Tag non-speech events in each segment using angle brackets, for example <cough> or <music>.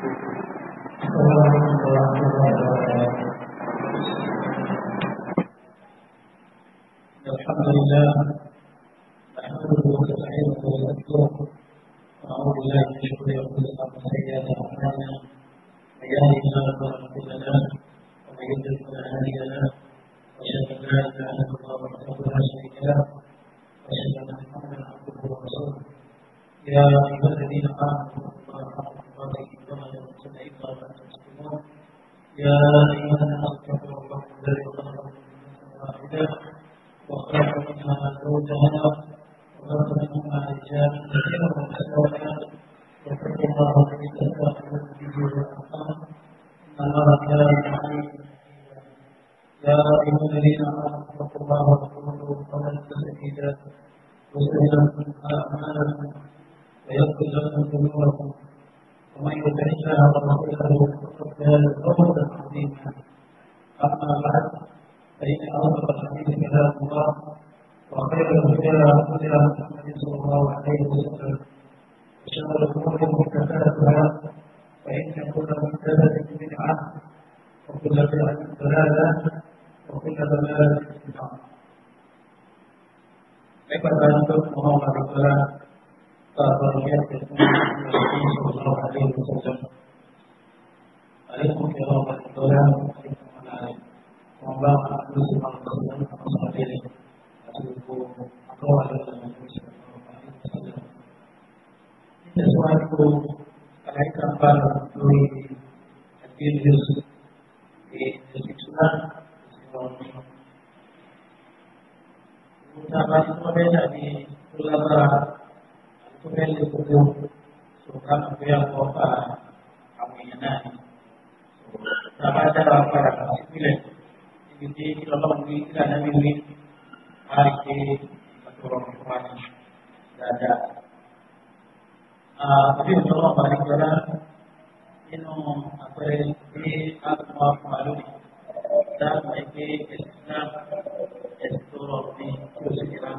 Assalamualaikum warahmatullahi wabarakatuh.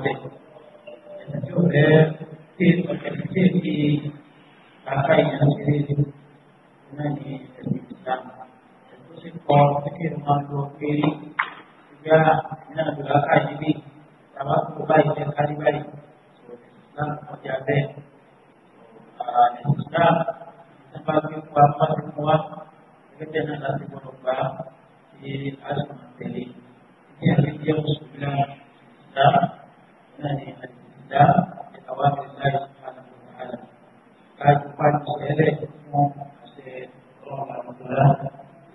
पे जो है तीन बच्चे की काका यहाँ से उन्होंने juga eh, semua kita di ini yang الإنسان الداء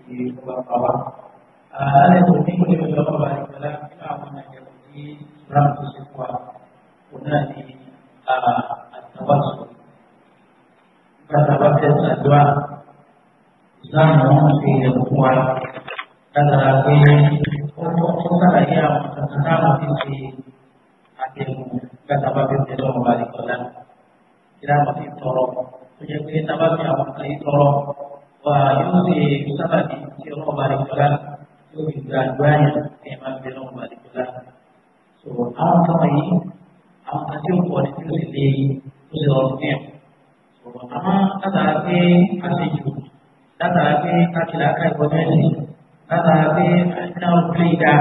di bawah. yang di Kata dua yang di nínú gbàtàbà bí ṣe lọ́wọ́ bá nìkan náà kí náà wọ́n fi tọrọ tó jẹ́ pé sábà fi àwọn kan yìí tọrọ wà yóò ṣe sábà bí ṣe so àwọn kan yìí àwọn kan tí ó pọ̀ ní so àmọ́ látara pé a ṣe jù látara pé káàkiri àká ìwọ́n mẹ́rin látara pé àìsàn ọ̀gbìn ìdá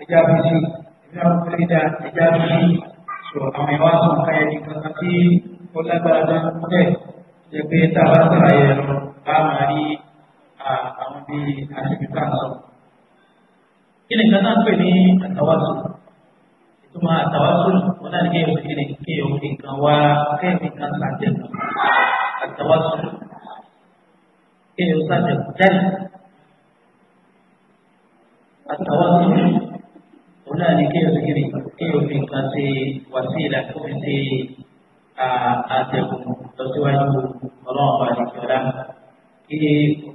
ẹja fi ìjọba tó lè dá ẹja sí sọ àwọn ìwà sọ káyà ní kankan tí ó lágbára tó ń tẹ̀ jẹ pé tá a bá sàlàyé ẹ̀rọ bá máa rí àwọn ni kan náà pè ní àtàwásù ìtumọ̀ àtàwásù wọn náà ní kí èèyàn òun náà ní kéèyàn sókèrè kéèyàn fi nǹkan ṣe wàsílà kó fi ṣe àtẹ̀kùn lọ síwájú ọlọ́run ọba àdìgbọ́lá kí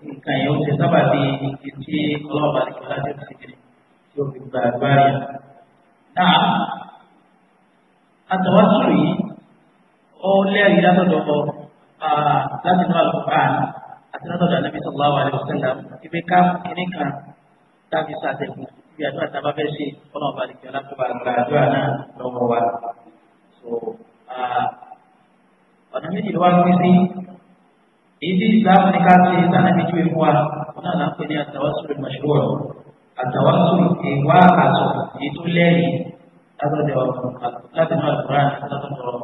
nǹkan yẹn ó ṣe sábà bí etí ọlọ́run ọba àdìgbọ́lá tó ti kéde tí ó fi gba agbára náà àtọ̀wásùn yìí ó lẹ́rìí látọ̀dọ̀ láti náà lọ́kàn àti látọ̀dọ̀ ànábì sallallahu alaihi wasallam ibi ká kíní kan tàbí sàtẹ̀kùn bí àdúrà tá a bá fẹ́ ṣe kọ́nà ọba àdìgbẹ́ lákòóbá àgbà àdúrà náà lọ́wọ́ wa. ọ̀nà méjì ló wá pín sí èyí tí ìsìláàmù ní ká ṣe sànàbí ju ìfún wa wọn náà là ń pè ní àtàwásùrù mọ̀ṣúwọ̀ àtàwásùrù ìwà àtọ̀ èyí tó lẹ́yìn látọ̀dọ̀ láti náà lùrà látọ̀dọ̀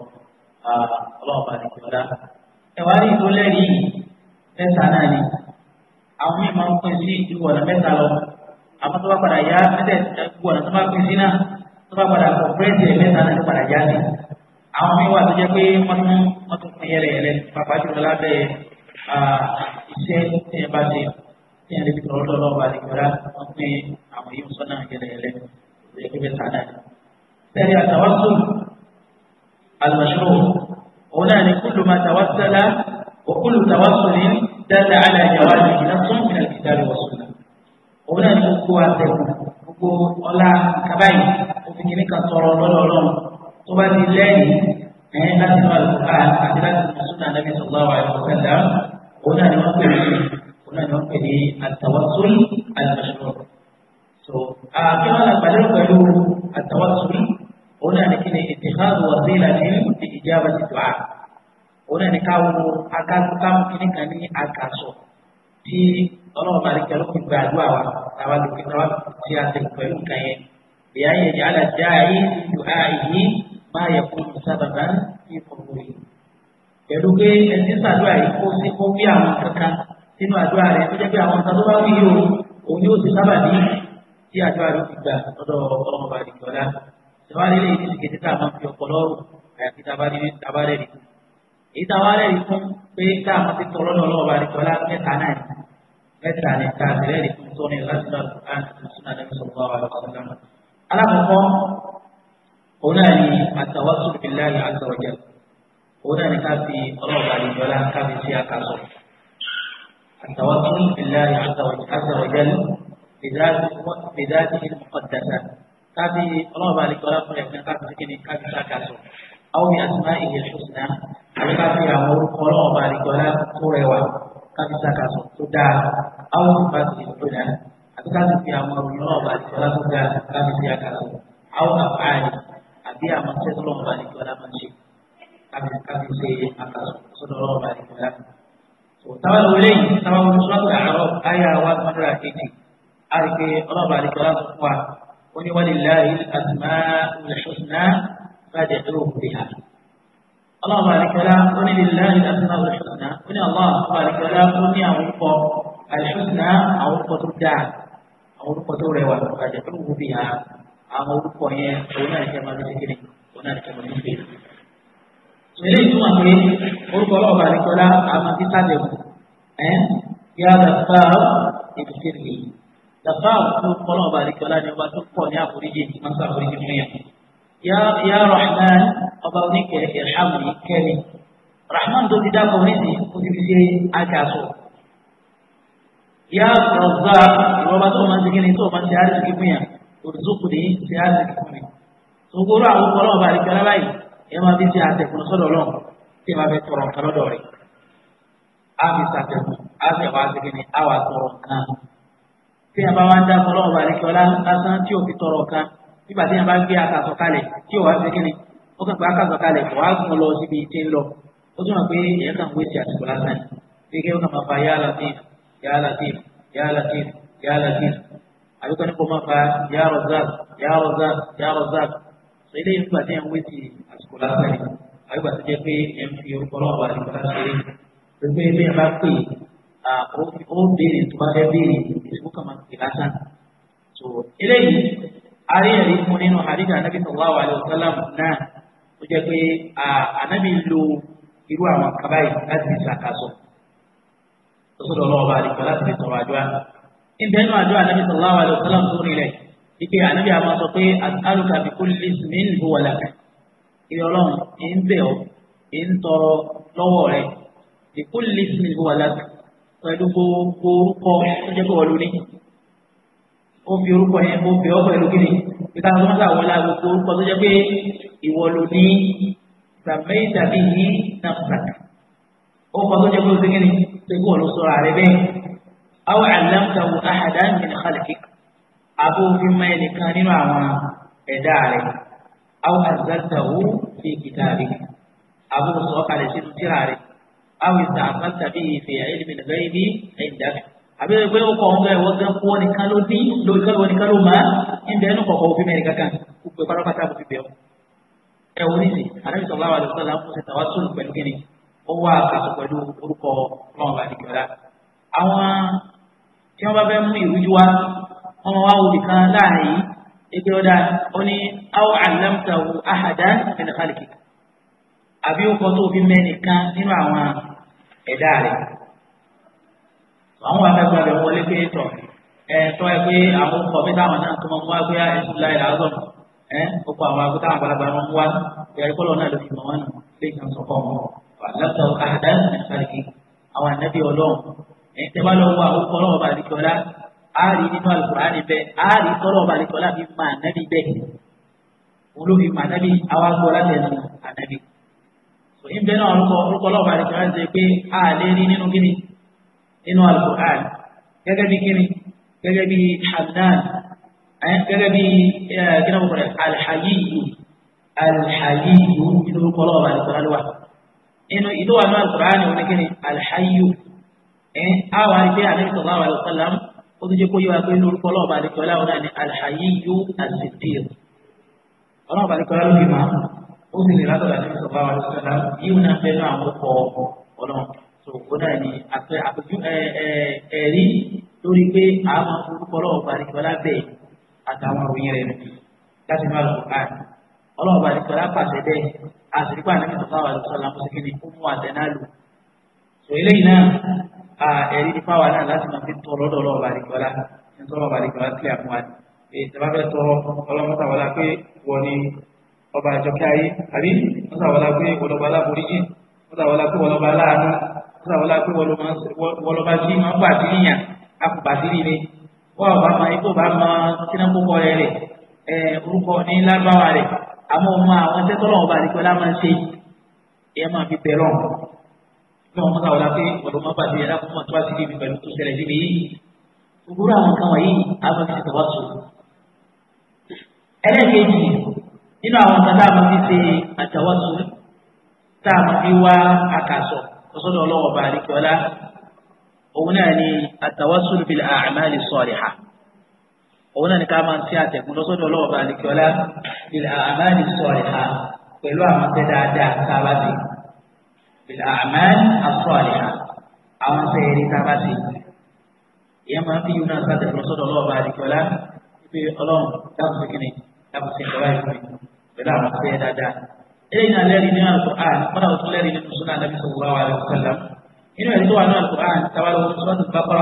ọlọ́ọ̀bà àdìgbẹ́ ọ̀la. ẹ̀wá rí ìtó lẹ́yìn àmọ́ tó bá padà yá mẹ́tẹ̀ gbogbo ọ̀nà tó bá pín sí náà tó bá padà kọ̀ pírẹ́sì ẹ̀ mẹ́ta náà tó padà já sí. àwọn mi wà tó jẹ́ pé wọ́n tún wọ́n tún pín yẹlẹ yẹlẹ pàpà jùlọ lábẹ́ iṣẹ́ tí ẹ bá ṣe tí ẹ lè fi tọ̀rọ̀ lọ́wọ́ bá lè gbọ́dá wọ́n pín àwọn yìí sọ́nà yẹlẹ yẹlẹ lè fi sẹ́ni àtàwásù àlùmọ̀ṣọ́rọ̀ òun náà ni kúlù òun náà ní gbogbo àtẹ̀kù gbogbo ọlá kábàáyì òfin kìíní kan tọrọ lọ́dọ̀ ọlọ́run tó bá ti lẹ́yìn ẹ̀yìn láti máa lò ká àti láti máa sún ànábì sọ̀gbà wà ní ọ̀sẹ̀dá òun náà ni wọ́n pè ní òun náà ni wọ́n pè ní àtàwásólì àlùmọ̀ṣọ́. so àkẹ́wọ́n àgbàdo pẹ̀lú àtàwásólì òun náà ni kí ni ìtìkáàdù wà sí ìlànà ìjàmbá ti dùn á òun náà ni káwọn akáàkùn kìíní kan ní àkàsọ̀ tí ọlọ́wọ́ bá nìkan ló fi gba àdúrà wa táwa ló fi táwa tí a ti pẹ̀lú nǹkan yẹn ìyá yẹn ní alájà ayé ìlú àìyí máa yẹ kó tó sábàbá ní ìfọwọ́ yìí pẹ̀lú pé ẹni sàdúrà yìí kó sí kó bí àwọn kankan sínú àdúrà rẹ tó jẹ́ pé àwọn kan tó bá wí yìí o òun yóò ti sábà ní tí àdúrà ló fi gbà lọ́dọ̀ ọlọ́wọ́ bá nìkan lá ìwádìí lè ní ìsìnkè títà máa fi ọpọlọ àyàfi tabarẹ́rì fún èyí tabarẹ́rì fún pé káà ti tọ̀rọ̀ mẹ́ta ní káàdì rẹ̀ nìkan tó ní láti lọ àán sún àdàbí sọ̀rọ̀ àwọn ọ̀sán. alákọ̀ọ́kọ́ òun náà ni àtàwásùn billahi azza wa jalla òun náà ni ká fi ọlọ́ọ̀bà ìjọba ká fi sí àkàsọ̀. àtàwásùn billahi azza wa jalla بذاته المقدسة هذه الله بارك ولا فرق من قبل سكن كافي شاكاسو أو àwọn ìfàsí ìtura àti káàdì fi àwọn ọmọ ọba àti ọlágbára láti fi àkàrà àwọn àfààní àbí àwọn sẹ́tọ̀lọ́ ọba àti ọlá máa ṣe káàdì ṣe àkàrà sọ́dọ̀ ọba àti ọlá. táwọn olè yìí táwọn olùsọ́tò àárọ̀ ayé àwọn àgbàdo àkejì àríkè ọlọ́ba àti ọlá tó fún wa ó ní wọ́n lè láàyè àtìmá olùṣọ́sìnà fàdé tó fi hà. ọlọ́ba àti ọlá ó ní lè láàyè àtìmá olùṣọ́sìnà ó ní àwọn àbáríkẹ́ ọlá ó ní àwọn ìfọ̀ àìsùnà àwọn orúkọ tó dáa àwọn orúkọ tó rẹwà àjẹ tó wù bí i àwọn orúkọ yẹn òun náà jẹ́ máa ń ṣe kéde òun náà jẹ́ máa ń ṣe. ìṣẹ̀lẹ̀ ìtumọ̀ pé orúkọ ọlọ́ọ̀bà àdìsọ́lá àmọ́ ti sáde kù ẹ́ yá dàbáà ìdíkèrè yìí dàbáà tó kọ́ ọlọ́ọ̀bà ni ọba tó pọ̀ ní àforíjì máa ń sàforíjì fún yàn. yá rahman ọba oníkẹ̀ẹ́ ìrhàmù yìí kẹ́mi rahman tó ti dákọ̀ oníṣìí ó ti fi ṣe àjàsọ̀ yá rọ̀zá ìwọba tó máa ń segin ní tó máa ń ṣe àrísìkí fún yà òrìṣòkò ní ṣe àrísìkí fún mi. sogoro àwọn ọkọ náà bá rí kẹlẹ báyìí ẹ máa fi ṣe àtẹkùn sọ́dọ̀ lọ tí ẹ máa fi tọrọ nǹkan lọ́dọ̀ rẹ̀. a fi ṣàtẹkùn a fi wá segin ní a wà tọrọ nǹkan. tí ẹ bá wá ń dá ọkọ náà bá rí kẹlẹ lásán tí ò fi tọrọ nǹkan nígbà tí ẹ bá gbé akasọ kalẹ̀ tí ò wá segin ní ó kàn pé akasọ kalẹ̀ kò wá gùn lọ síbi tí ń lọ ó túmọ̀ pé ẹ̀ kàn wé ṣe àtẹkùn lásán يا لطيف يا لطيف يا لطيف àbí kọ́ni kò máa fa ya Razzaq ya Razzaq ya Razzaq sọ ilé yìí ń gbà tí ẹ̀ ń wé ti àsìkò lásán yìí àbí gbà tó jẹ́ pé ẹ̀ ń fi orúkọ náà wà nípa ṣeré gbogbo ẹgbẹ́ yẹn bá pè ó béèrè tó bá fẹ́ béèrè ìṣòwò kan máa pè lásán. tó eléyìí aríyànjú fún nínú àdìgbà anábì sallallahu alaihi wasallam náà tó jẹ́ pé anábì lo irú àwọn kábàáyì láti ṣàkàsọ̀ lọ́sọ̀dọ̀ ọlọ́wọ́ bá àdìgbà láti fi sọ̀rọ̀ àdúrà ìbẹ́nu àdúrà nàbí sallallahu alaihi wasallam tó rí rẹ̀ ike ànábì àmọ́ sọ pé as'aluka bi kulli ismin huwa lak ìrẹ̀ ọlọ́run ń bẹ̀ ọ́ ń tọrọ lọ́wọ́ rẹ̀ bi kulli ismin huwa lak pẹ̀lú gbogbo orúkọ tó jẹ́ pé wọ́n lóní ó fi orúkọ yẹn ó fi ọ́ pẹ̀lú kíni ìka tó ń sàwọn la gbogbo orúkọ tó jẹ́ pé ìwọ ní sàmẹ́yìn tàbí yìí náà sàkà ó kọ tó jẹ́ pé ó ti kíni pé bó ló sọ̀rọ̀ rẹ bẹ́ẹ̀ àwọn àlámtàwò àhàdá min khalqik àbó òfin máa nìkan nínú àwọn ẹ̀dá rẹ àwọn àzàtàwò fi kìtàbí àbó sọ̀kalẹ̀ sínú tíra rẹ àwọn ìtàkàtà bíi ìfẹ́ ilmi al-ghaibi indak àbí ẹgbẹ́ ọkọ̀ ọ̀hún bẹ́ẹ̀ wọ́n gán kú ọ́ nìkan ló ní lórí kálù ọ́ nìkan ló máa ń bẹ́ẹ̀ nù kọ̀ọ̀kan òfin mẹ́rin kankan gbogbo ìpàdé pátá òfin bẹ́ẹ̀ ẹ̀wọ̀n nísì àdáyé sọ̀rọ̀ àwọn àdìsọ́lá ń pèsè tàwa sóòlù pẹ̀lú ó wà àkàtọ̀ pẹ̀lú orúkọ ọlọ́run bá dìgbọ́lá. àwọn tí wọ́n bá fẹ́ mú ìrújú wá wọ́n wá wò nìkan láàyè ẹgbẹ́ ọ̀dà ó ní àwọn àlámtàwù àhàdá ẹ̀dẹ̀kálìkì àbí ó kọ́ tó fi mẹ́nìkan nínú àwọn ẹ̀dá rẹ̀. àwọn akẹ́kọ̀ọ́ rẹ̀ wọlé pé tọ̀ ẹ̀tọ́ ẹ pé àwọn ọkọ̀ mi táwọn náà tó máa mú wá pé ah, ẹ̀sùn láì làásọ̀ ẹ̀ ó kọ àwọn akẹ́kọ̀ọ́ àwọn àgbàlagbà wọn mú wá ẹ̀rí kọ́lọ́ náà ló fi mọ̀ wọn nù lẹ́yìn àtọ́kọ̀ wọn fàlàtà àdá àtàkì àwọn ànábì ọlọ́run ẹ̀yin tẹ́ bá lọ wọ àwọn ọkọ ọlọ́run balẹ̀kọ́lá àárín nínú àlùkùránì bẹ́ẹ̀ àárín tọ́lọ́run balẹ̀kọ́lá fi máa ànábì bẹ́ẹ̀ wọn ló fi máa ànábì àwọn agbọ́ láti ànábì. òyìn bẹ́ẹ̀ náà orúkọ orúkọ ọlọ́run balẹ̀kọ́lá ṣe pé a lè rí nínú kíni nínú àlùkùránì gẹ́gẹ́ bí kíni gẹ́gẹ́ bí inú ìlú wa náà kùránì wọn kí ni alhayu ẹ àwọn àti pé àlẹ́ sallallahu alaihi wasallam ó ti jẹ́ kó yẹ wa pé lórúkọ ọlọ́ọ̀bà àdìkọ́ láwọn náà ni alhayu as-siddiq ọlọ́ọ̀bà àdìkọ́ láwọn fi máa ó sì lè látọ̀ àlẹ́ sallallahu alaihi wasallam yíwù náà fẹ́ náà àwọn ọkọ̀ ọlọ́run tó kó náà ni àpèjú ẹ̀rí lórí pé àwọn orúkọ ọlọ́ọ̀bà àdìkọ́ lábẹ́ àtàwọn òyìn rẹ̀ láti máa lọ ọlọ́ọ̀bá ní sọ̀rọ̀ apàṣẹ bẹ́ẹ̀ àṣìrípà nàbí sọ̀rọ̀ àwọn àlùsọ̀lá mọ̀ síkìní ó mú àtẹ náà lò. sọ eléyìí náà ẹ̀rí ní fáwa náà láti máa fi tọrọ lọ́dọ̀ ọlọ́ọ̀bá ní kọ́lá ní tọrọ ọba ní kọ́lá kílẹ̀ àfún wa ni. èyí tẹ́ bá fẹ́ tọrọ ọlọ́mọ́sàwọlá pé wọ́n ní ọba àjọkẹ́ ayé àbí mọ́sàwọlá pé ọlọ́ba aláboríjì mọ́sàwọlá pé ọlọ́ba aláàánú mọ́sàwọlá pé ọlọ́ba tí máa ń pàdé yíyan akùbàdìrí ni wọ́n ọba máa ikú ọba máa kínákó kọ́ rẹ̀ rẹ̀ orúkọ ní lágbáwá rẹ̀ àmọ́ ọmọ àwọn tẹ́tọ́lọ́ ọba àdìpẹ́ láwọn ṣe ẹ máa fi bẹ̀rọ̀ náà wọn káwọn lápẹ́ ọ̀dọ́ máa bàjẹ́ yàrá fún wọn tó wá sí ibi pẹ̀lú tó ṣẹlẹ̀ síbi yìí gbogbo àwọn kan wọ̀nyí àwọn fi ṣe tọ́wọ́ sùn. ẹlẹ́ẹ̀kejì nínú àwọn kan tá a máa fi ṣe àtàwọ́ tá a máa fi wá àkàsọ̀ ọ̀sọ́dọ̀ ọlọ́wọ́ ọba àdìpẹ́ ọlá òun náà ni àtàwọ́ òun náà ni ká máa ṣe àtẹ̀kùn lọ́sọ́dọ̀ ọlọ́wọ́ bá ní kíọ́lá ilẹ̀ àmàlì sọ ìhà pẹ̀lú àwọn tẹ́ dáadáa tá a bá ti ilẹ̀ àmàlì asọ ìhà àwọn tẹ́ eré tá a bá ti ìyẹn máa ń fi yún náà ṣàtẹ̀kùn lọ́sọ́dọ̀ ọlọ́wọ́ bá ní kíọ́lá pé ọlọ́run dákun sí kíni dákun sí ìjọba ìfẹ́ pẹ̀lú àwọn tẹ́ dáadáa eléyìí náà lẹ́rìí nínú alukur'an kọ́nà òtún lẹ́rìí nínú sunan nabi sallallahu alayhi wa sallam inú ẹ̀rí tó wà nínú alukur'an tabalẹ̀ wọn sọ́dún bàbá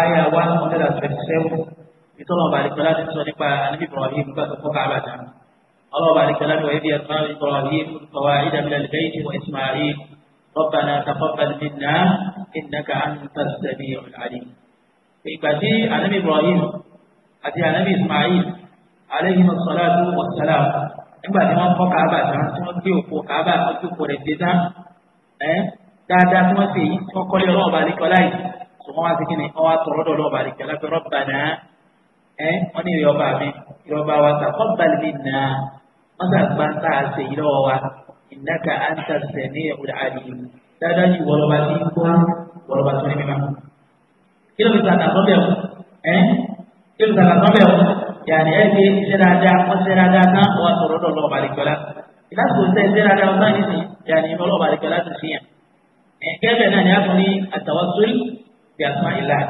àyà one hundred and twenty seven ìtọ́lọ̀ ọba àdìpẹ́lá ti sọ nípa ànábì Ibrahim nígbà tó kọ́ káàbà tán ọlọ́ọ̀bà àdìpẹ́lá tó ẹbí ẹ̀ka Ibrahim kọ̀wá ìdàmìlẹ̀ lẹ́yìn wọ Ismail ربنا تقبل منا إنك أنت السميع العليم ìgbà tí ànábì wọ́n kọ́ káàbà tán tí wọ́n gbé òkú káàbà tó gbé òkú rẹ̀ gbé tán ẹ́ dáadáa tí wọ́n ṣe yìí tí wọ́n kọ́lé ọlọ́ọ̀bà àdìpẹ́lá ẹ wọ́n ní ìrẹ ọba mi ìrẹ ọba wa taqabbal minna wọ́n sà gbá tá a ṣe ìrẹ ọba wa innaka anta sami'ul alim dáadáa ju wọ́lọ́ba tí ń gbọ́ wọ́lọ́ba tó ní mímọ́. kí ló fi sàtà tó bẹ̀rù ẹ kí ló fi sàtà tó bẹ̀rù yàrá ẹ ṣe ṣe dáadáa wọ́n ṣe dáadáa náà wọ́n sọ̀rọ̀ lọ́wọ́ balẹ̀kọ́lá ìlàsìkò ṣe ṣe dáadáa wọ́n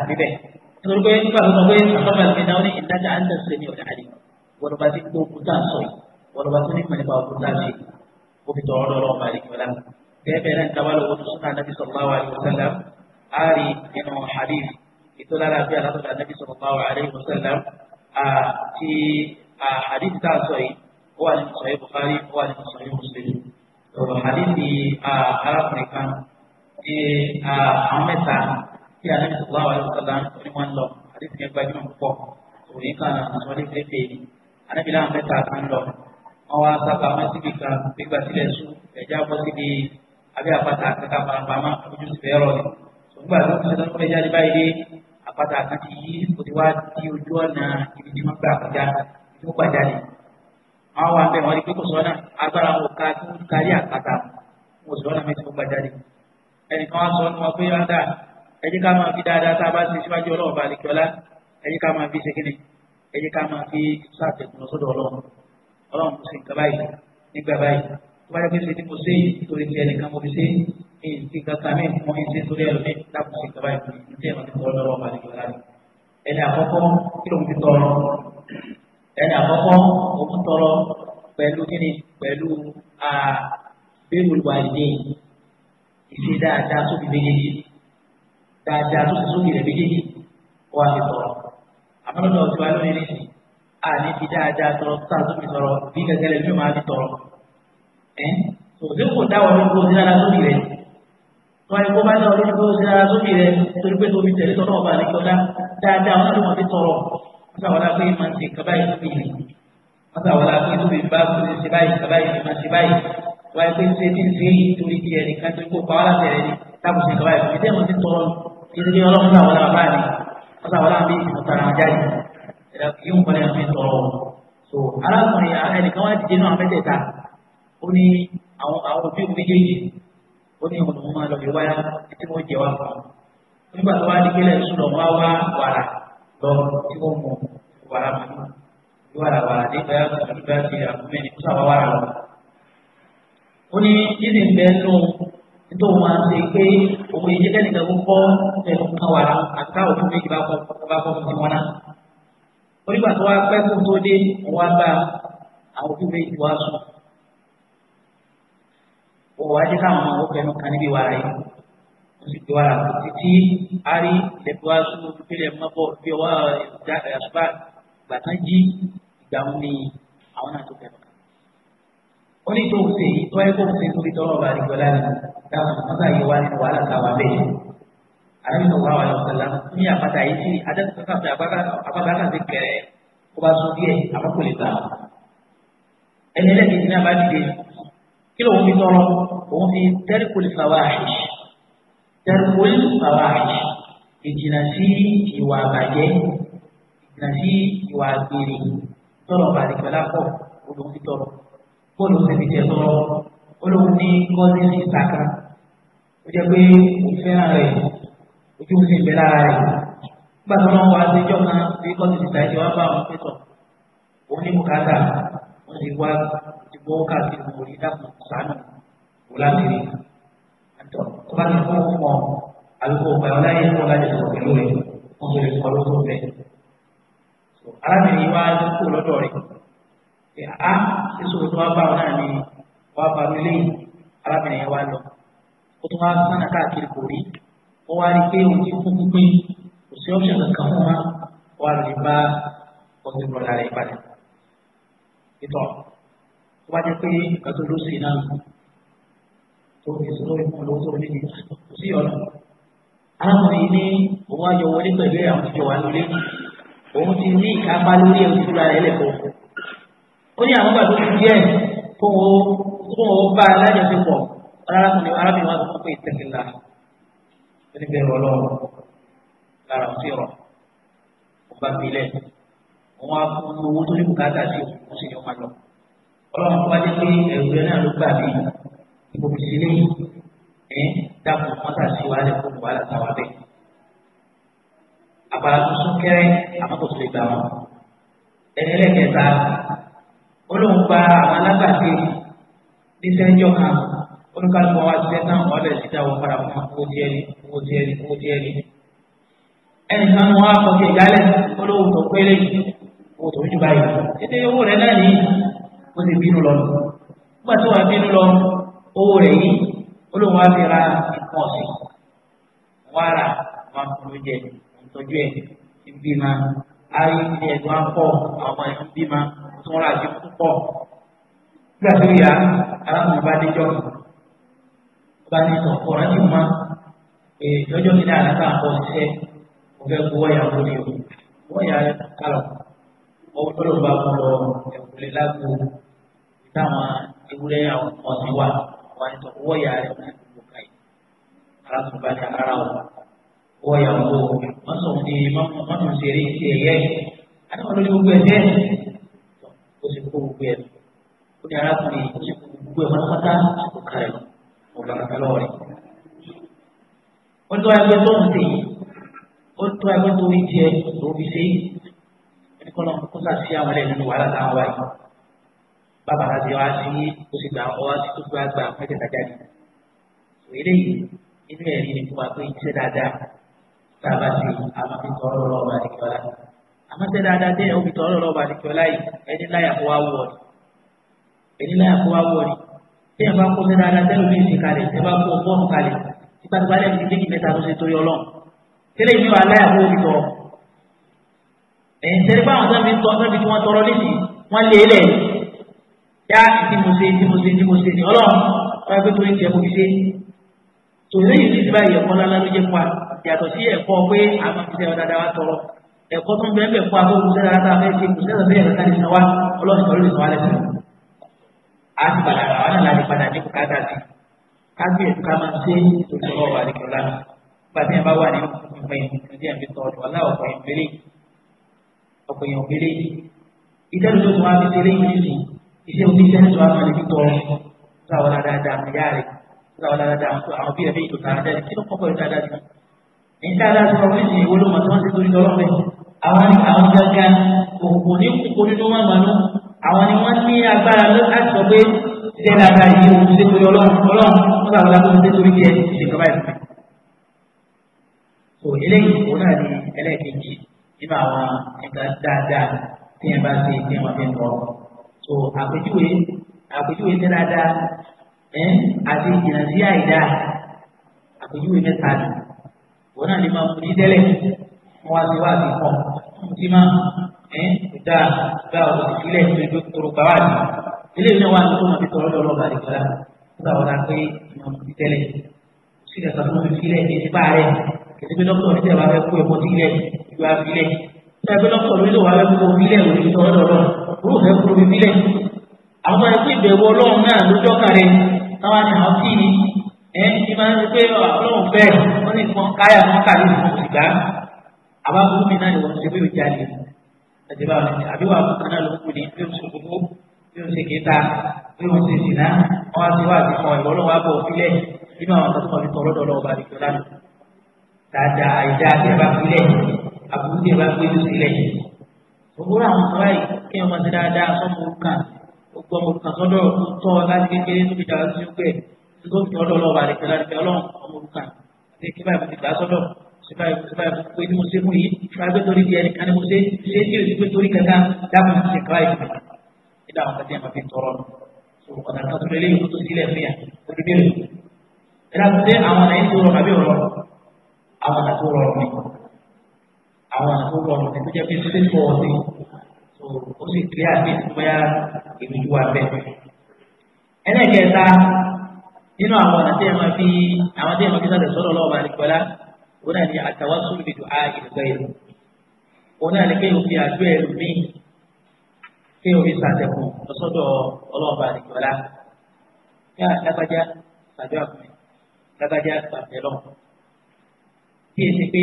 sáyẹn nítorí pé nígbà tó sọ pé àfọ́nmà ti dáwọ́ ní ìdájà àńdà sí ní ọ̀dà àdìgbò wọn lọ́ba ti gbó òkúta sọ yìí wọn lọ́ba tó ní ìmọ̀ nípa òkúta ṣe ó fi tọ̀ ọ́dọ̀ ọlọ́ọ̀bà àdìgbòlá bẹ́ẹ̀ bẹ́ẹ̀ náà tábà lọ́wọ́ tó súnà nàbí sallallahu alaihi wasallam àárí nínú hadith ètò lára bí alátọ́jà àti hadith tá a sọ yìí ó kan ti àwọn tí àlejò tó wà lọ́sọ̀lá ní wọ́n lọ àdéhùn yẹn gbajúmọ̀ púpọ̀ òní kan àwọn ọdẹ fẹ́ ni ànábì náà mẹ́ta kan lọ wọ́n wá sábà wọn síbi kan gbígbà sílẹ̀ sùn ẹ̀já bọ́ síbi abẹ́ àpáta àkàkà parapamọ́ ojú sì fẹ́ rọ ni ṣùgbọ́n àti ọkùnrin tó ń fẹ́ jáde báyìí dé àpáta kan ti yí kò ti wá di ojú ọ̀nà ibi tí wọ́n gbà kọjá tó gbàjá ni àwọn wa bẹ̀ wọ́n rí pé kò sọ́nà agbára wọn ká tó kárí àpáta kò sọ́nà mẹ́tí wọ́n gbàjá ni ẹnìkan ẹ jẹ́ ká máa fi dáadáa tá a bá ti síwájú ọlọ́run bá lè kíọ́lá ẹ jẹ́ ká máa fi ṣe kíni ẹ jẹ́ ká máa fi sàtẹ̀kùn lọ sọ́dọ̀ ọlọ́run ọlọ́run kò sí nǹkan báyìí nígbà báyìí tó bá yẹ kó ṣe ni mo ṣe torí ti ẹnìkan mo fi ṣe é ní kankan mi mo ń ṣe torí ẹlòmí lápò sí nǹkan báyìí ní tí ẹ máa fi tọrọ lọ́wọ́ bá lè kíọ́lá mi ẹni àkọ́kọ́ kí ló ń fi tọrọ ẹni àkọ́kọ́ òun tọrọ pẹ̀lú kíni pẹ̀lú bẹ́ẹ̀ olùwàlídé ìṣe dáadáa sóbi méjèèjì dáadáa tó ti sókè rẹ̀ méjèèjì ó wà ní tọrọ àmọ́lọ́dọ̀ ọ̀tí wa lónìí nìyí a ní fi dáadáa tọrọ tá a tó fi tọrọ bí gẹ́gẹ́ lẹ́nu yóò máa fi tọrọ ẹ́ òde kò dáwọ́ lórí kó o sí dáadáa sókè rẹ̀ wọ́n ní kó bá dáwọ́ lórí kó o sí dáadáa sókè rẹ̀ torí pé tóbi tẹ̀lé tọ́lọ́ ọba àlejò ọ̀dá dáadáa wọn ló máa fi tọrọ wọ́n sàwọn lápé máa ń ṣe kábàáyé tóbi rẹ̀ wọ́n sàwọn lápé tóbi bá ṣe báyìí báyìí wọ́n á tó ìdílé ọlọ́run gbà wọlé bàbá mi wọ́n sà wọlé àbí ìfọ̀tara ajá yìí ẹ̀dá yóò wọlé àbí tọrọ so arákùnrin ẹnìkan wá dìde náà mẹ́tẹ̀ẹ̀ta ó ní àwọn àwọn òbí òun méjèèjì ó ní ọ̀nà wọn lọ ìwáyà títí wọ́n jẹ wá fún un nígbà tó wá nígbélé ìṣúná wá wá wàrà lọ tí wọ́n mú wàrà mọ́ wàrà wàrà nígbà yàtọ̀ nígbà ní nítorí wọn máa ń ṣe pé òun èyí kẹ́nìkan kó kọ́ ẹnu kan wà láwọn àti káwọn tó méjì bá kọ́ bá kọ́ fún wọn náà. onígbà tó wá pẹ́ kó tó dé òun wá bá àwọn tó méjì wá sùn. òun wá jẹ́ káwọn máa ń kọ́ ẹnu kan níbi wàrà yìí wọ́n sì gbé wàrà kù títí arí lẹ́kọ̀ọ́ wá sùn olùpẹ̀lẹ̀ mọ́bọ̀ bí ọwọ́ àṣùpá gbàtàn jí ìgbà wọn ni àwọn náà tó kẹ́nu ó ní tó ṣe yìí tó ẹ kó ṣe torí tọ́lọ́ ọba àdìgbọ́lá ni dáhùn mọ́tà yìí wá nínú wàhálà tá a wà bẹ́ẹ̀ àrẹ́bí sọ̀rọ̀ àwọn ọ̀sẹ̀lá ní àpáta yìí tí adẹ́sọ̀ káfíń abábára ti kẹrẹ kó bá sún díẹ̀ àkókò lè gbà ẹni ẹlẹ́kẹ̀ẹ́ ní abájídé kí ló ń fi tọrọ òun fi tẹ́rìkùlì fàwáàṣì tẹ́rìkùlì fàwáàṣì ìjìnà sí ìwà àbàjẹ́ ìjìnà sí ìwà àgbèrè tọrọ bàdìgbẹ́lá pọ̀ òun fi tọrọ bọ́ọ̀lù ti fi jẹ sọ̀rọ̀ olóhùn ní kọ́sìnì ìsàkà ó jẹ́ pé òun fẹ́ràn rẹ̀ ojú sì ń bẹ lára rẹ̀ nígbà tó lọ́wọ́ adéjọ́ kan bí kọ́sìnì ìsàkà wá bá òun pẹ̀tọ̀ òun ní bùkátà wọ́n ti wá ti gbọ́ káàkiri orí dàpọ̀ sánà wò láti àtọ̀ tó bá ti fún un mọ́ àlùkò ọ̀gbà ọláyé tó láti sọ̀rọ̀ pẹ̀lú rẹ̀ wọ́n ti lè sọ a ah, ìṣòro tó wá bá ọ náà ni wàá bá mi léyìn arábìnrin yẹn wá lọ ó tún wá sánà káàkiri kò rí ó wá rí pé òun ti kú pínpín kò sí option kankan fún wa wà lè bá ọtí bọ̀dà rẹ̀ padà ìtọ̀ tó bá jẹ́ pé nǹkan tó ló sì náà tó fi sọ́dọ̀ ìfún ló sọ̀rọ̀ níbi kò sí ọ̀nà arákùnrin ní òun ayọ̀ wọlé pẹ̀lú àwọn ìjọ lórí òun ti ní ìkápá lórí ẹ̀rù ìfúra rẹ̀ lẹ́kọ̀ọ́ ó ní àwọn gbàgbọ́ ti díẹ̀ kó wo bá alájọṣepọ̀ arákùnrin arábìnrin wa sọ pé ìtẹ̀kìlá oníbẹ̀rù ọlọ́run lára sí ọ̀rọ̀ ọba gbilẹ̀ wọn á fún owó tó ní bùkátà sí òun sì ní ọmọ lọ ọlọ́run tó bá dé pé ẹ̀rù rẹ náà ló gbà mí ìbò mi sí léyìn ẹ̀ dàpọ̀ mọ́tà sí wàhálà fún wàhálà táwa bẹ́ẹ̀ àbára tuntun kẹrẹ àmọ́ kò tó lè gbà wọn ẹni ẹlẹ́kẹta ó lóun gba àwọn alágbàṣe ní sẹ́ńjọ́ kan olùkàlùkù wa ti sẹ́ńtà ọ̀dọ̀ ìsìta wọn padà fún owó tiẹ̀ ní owó tiẹ̀ ní owó tiẹ̀ ní. ẹnì kan wọn á kọjú ìjálẹ̀ ó lóun tó pélé owó tó ń jù báyìí títí owó rẹ̀ náà ní ó ti bínú lọ nígbà tó wà bínú lọ owó rẹ̀ yìí ó lóun fi ra nǹkan ọ̀sìn wọn á wọn á fún oúnjẹ ìtọ́jú ẹ̀ ìbímọ ayé ìdí ẹ̀dùn á àwọn ìbímọ sọ́ra sí púpọ̀ bí àtúnyà arákùnrin bá dé jọ́ọ̀bù bá ní sọ ọ̀rọ̀ ní ìmọ̀ lọ́jọ́ mi náà látà ń bọ̀ ṣiṣẹ́ mo fẹ́ kó wọ́ọ̀yà o wọ́ọ̀yà kálọ̀ ọwọ́ tó lọ́ọ́ bá wọn lọ ẹ̀kúlẹ̀ lágbo táwọn ewúrẹ́ àwọn ọ̀sìn wà ní sọ wọ́ọ̀yà rẹ̀ wọ́n ní kókó káyì arákùnrin bá ní ara wọn wọ́ọ̀yà wọn lọ wọ́n sọ fún mi mọ́tò ṣeré ṣe ẹ̀yẹ́ yìí àti wọn lórí gbogbo ẹ̀ ó sì kó gbogbo ẹ̀ ó ní arákùnrin ó sì kó gbogbo ẹ̀ pátápátá kò ká ẹ̀ kò bá kàkà lọ́wọ́ rẹ̀. ó tó ẹgbẹ́ tó ń sè é ó tó ẹgbẹ́ tó ń jẹ tó fi ṣe é ní kọ́nà kó sà sí àwọn ẹlẹ́nu wàhálà táwọn wáyé bàbá àti wá sí ó sì gbà wá sí tó gbà gbà mẹ́tẹ̀ẹ̀ta jáde. eléyìí inú ẹ̀rí ni fún wa pé iṣẹ́ dáadáa tá a bá ti àmọ́ fi tọ́ ọ lọ́wọ́ ọmọ àmọ́tẹ́ dáadáa dé ẹ̀ obìtọ́ ọlọ́rọ̀ ọba àdìkẹ́ ọláyì ẹni láyà kó wá wọ̀ ni ẹni láyà kó wá wọ̀ ni tí ẹ bá kó sí dáadáa tẹ́lẹ̀ omi ìsìn kalẹ̀ ẹ bá kó ọgọ́rùn kalẹ̀ tipátipá lẹ́yìn tí méjì mẹ́ta tó ṣe torí ọlọ́run tẹ́lẹ̀ yìí wà láyà kó obìtọ́ ẹ̀yìn tẹ́lẹ̀ báwọn tó ń fi tọ́ tó ń fi tí wọ́n tọrọ lẹ́sì wọ́n lé lẹ̀ yá tí mo ṣe tí mo báyìí ẹ̀kọ́ lálá ló jẹ́ pa yàtọ̀ sí ẹ̀kọ́ pé àwọn fi ṣe ọ̀dàdà wa tọrọ ẹ̀kọ́ tó ń bẹ́ẹ̀ bẹ́ẹ̀ fún agbóhùn sẹ́dá láti afẹ́ ṣe kù sẹ́dá bẹ́ẹ̀ lọ́ta lè sanwó ọlọ́run kan ló lè sanwó alẹ́ sẹ́dá. a ti padà àwọn náà láti padà ní bùkátà sí ká gbé ẹ̀ka máa ń ṣe nítorí ọwọ́ wa nìkan lánà nígbà tí yẹn bá wà ní ọkùnrin ìgbìyànjú ẹ̀mí tọ́ ọ̀dọ̀ aláwọ̀ ọkùnrin òbílẹ̀ ọkùnrin òbílẹ̀ iṣẹ́ ló tún wá fi ṣe léyìn àwọn àwọn gángan òkùnkùn ní kúkúrú tó máa mọ̀nú àwọn ni wọ́n ní agbára láti sọ pé ṣe dáadáa yìí òun ṣe torí ọlọ́run ọlọ́run wọ́n bá wọlé àtúntò torí jẹ ìṣèkọ́ báyìí. so eléyìí òun náà ni ẹlẹ́ẹ̀kejì nínú àwọn ẹ̀ka dáadáa tí ẹ bá ṣe tí wọ́n fi ń bọ̀. so àpèjúwe àpèjúwe ṣe dáadáa ẹ̀ àti ìjìnà sí àìdá àpèjúwe mẹ́ta ni òun náà ni máa mú ní tẹ́lẹ̀ wọ́n wá sí wá sí kọ́ tí máa ẹ kò dáa gba ọ̀rọ̀ ìpínlẹ̀ ìpínlẹ̀ kúrò gbàwá ni eléyìí náà wà ní tó máa fi tọrọ lọ́rọ̀ bàrẹ̀ kọ́lá nígbà wọn la pé ìmọ̀ mọ̀ ti tẹ́lẹ̀ sí ìdàgbà tó fi filẹ̀ ní nípa rẹ̀ kẹ̀sí pé dókítà oníṣẹ́ wa fẹ́ kó ẹ̀kọ́ sílẹ̀ ìlú afilẹ̀ síbẹ̀ pé dókítà oníṣẹ́ wa fẹ́ kó filẹ̀ òní tọrọ lọ́rọ̀ òun fẹ́ kó filẹ̀ àwọn ẹ̀kú ìbẹ̀wò ọlọ́run náà lójọ́ kàrẹ́ táwa ni àwọn kí ni ẹ̀ ti máa ń rí pé ọlọ́run bẹ́ẹ̀ wọ́n ní nǹkan káyà wọn kàlí nǹkan ìgbà àbábúrú mi náà ni wọ́n ṣe bí òjáde àti báwọn ẹ̀jẹ̀ àbí wàá fún kanáà ló kù ní bí oṣù gbogbo bí oṣù kẹta bí oṣù ìsìnà wọn á ti wá àti kan ìwọ lọ́wọ́ àbọ̀ òfilẹ̀ nínú àwọn akẹ́kọ̀ọ́ mi tọ̀rọ̀ dọ̀rọ̀ ọba àdìgbò lánàá dáadáa àìdá àti ẹ̀bá filẹ̀ àbúrú tí ẹ̀bá gbé sílẹ̀ gbogbo àwọn ọmọ báyìí kí ọmọ ti dáadáa sọmọ orúkà gbogbo ọmọ orúkà sọ́dọ̀ tó tọ́ láti kékeré tó fi dàgbà sí ọgbẹ́ tó fi sípa sípa pé tí mo ṣe fún yìí sípa pé torí di ẹnìkan ni mo ṣe ṣe tí o sì pé torí kankan dákun ṣe ká ìfẹ́ nígbà àwọn kan tí a máa fi tọrọ nù ọ̀nà kan tó lélẹ́yìn tó tó sílẹ̀ fún yà lórí bí o ẹ̀dá tó dé àwọn ọ̀nà yìí tó rọrùn àbí ọ̀rọ̀ àwọn ọ̀nà tó rọrùn ni àwọn ọ̀nà tó ni tó jẹ́ pé ṣe pọ̀ sí o sì kílẹ̀ àbí ìtumọ̀yà ìrújú wa bẹ́ẹ̀. ẹlẹ́kẹ̀ẹ́ta nínú àwọn ọ̀nà tí a òun náà ni àtàwásùn bìtù á ìgbẹ́ ìlú òun náà ni kéwòn fi àdúrà ẹ̀rù mí kéwòn fi sàtẹ̀kùn lọ́sọ́dọ̀ ọlọ́ọ̀bà àdìgbọ́lá yá lágbájá sàdúrà fún mi lágbájá sàtẹ̀ lọ. kí ẹ ti pé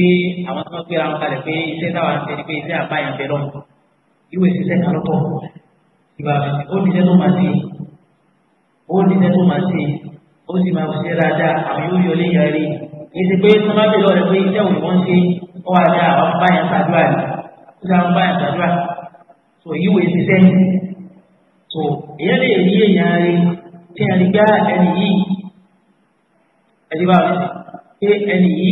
àwọn tó ń gbé àwọn kalẹ̀ pé iṣẹ́ táwọn ń tẹ̀lé pé iṣẹ́ àbáyàn bẹ̀ lọ ìwé ìṣiṣẹ́ kan lọ́tọ̀ ìgbà ó ní iṣẹ́ tó máa ṣe ó ní iṣẹ́ tó máa ṣe ó sì máa ṣiṣẹ́ dáadáa àwọn yóò yọ èsì pé sọmábì lọ́rẹ̀ pé iṣẹ́ òun wọ́n ṣe ọwọ́ àjà àwọn báyà ṣàdúrà ni ó ṣe àwọn báyà ṣàdúrà so yíwo èsì sẹ́yìn so èyàn lè rí èèyàn rí tí a lè gbá ẹni yìí ẹni bá rẹ̀ pé ẹni yìí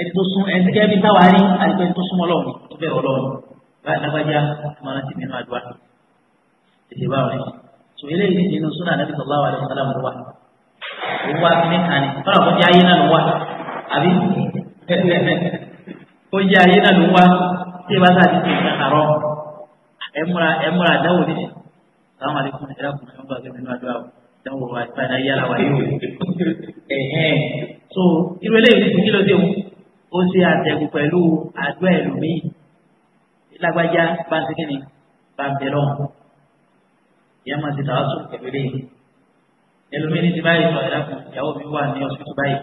ẹni tó sún ẹni gẹ́gẹ́ bí táwa rí àti ẹni tó súnmọ́ lọ́wọ́ tó bẹ̀rẹ̀ ọlọ́run bá lágbájá máa rántí nínú àdúrà ẹni bá rẹ̀ so eléyìí nínú súnà nàbìsọ̀ láwàlẹ̀ sálàmù òun wá kíní kan ni tọ́lá kó jẹ́ ayé náà ló wá àbí kó jẹ́ ayé náà ló wá tí ẹ bá sá ti tẹ̀sán àrọ́ ẹ múra ẹ múra àdáwò ní sàmú àlékún ẹ̀rọ kùnú ẹ̀rọ kùnú ẹ̀rọ àdúrà dáwò wa ìpàdé ayélujára wa yóò ẹ̀hẹ́n so irú eléyìí kí ló dé o ó ṣe àtẹ̀kù pẹ̀lú àdúrà ẹlòmíì lágbájá bá ń ṣe kí ni bá ń bẹ̀rọ̀ ìyá máa ti tàwa sùn pẹ̀lú eléyìí ẹlòmíní ti báyìí sọ ẹ̀dá kan ìyàwó mi wà ní ọ̀sùn báyìí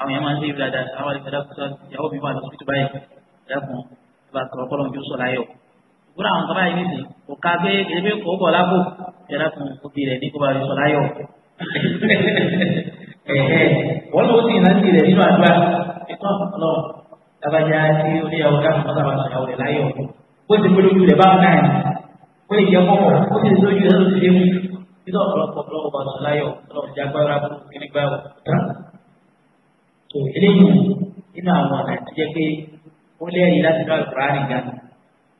àwọn èèyàn máa ń léwu dáadáa àwọn ìgbàdá kan sọ ìyàwó mi wà ní ọ̀sùn báyìí ẹ̀dá kan ìgbà tọrọ kọ́ lóun yóò sọ láyọ̀ ìgbóná àwọn kan báyìí nìyí kò ká gbé ebí kò bọ̀ lábò ẹ̀dá kan òbí rẹ̀ ní kó bá rí sọ láyọ̀ <laughs> wọ́n ló sì rántí rẹ̀ nínú àdúrà ẹ̀kọ́ lọ tabajà tí oníyàwó dáhùn mọ́tà bá sọ̀yàwó rẹ̀ láyọ̀ bó ti gbé lójú rẹ̀ báwọn nínú ọ̀pọ̀lọpọ̀ ọ̀pọ̀lọpọ̀ bá sọ láyọ̀ ọlọ́run jágbára fún kínígbà wọ̀ tá. tó eléyìí nínú àwọn ọ̀nà tó jẹ́ pé ó lẹ́yìn láti náà kúránì ga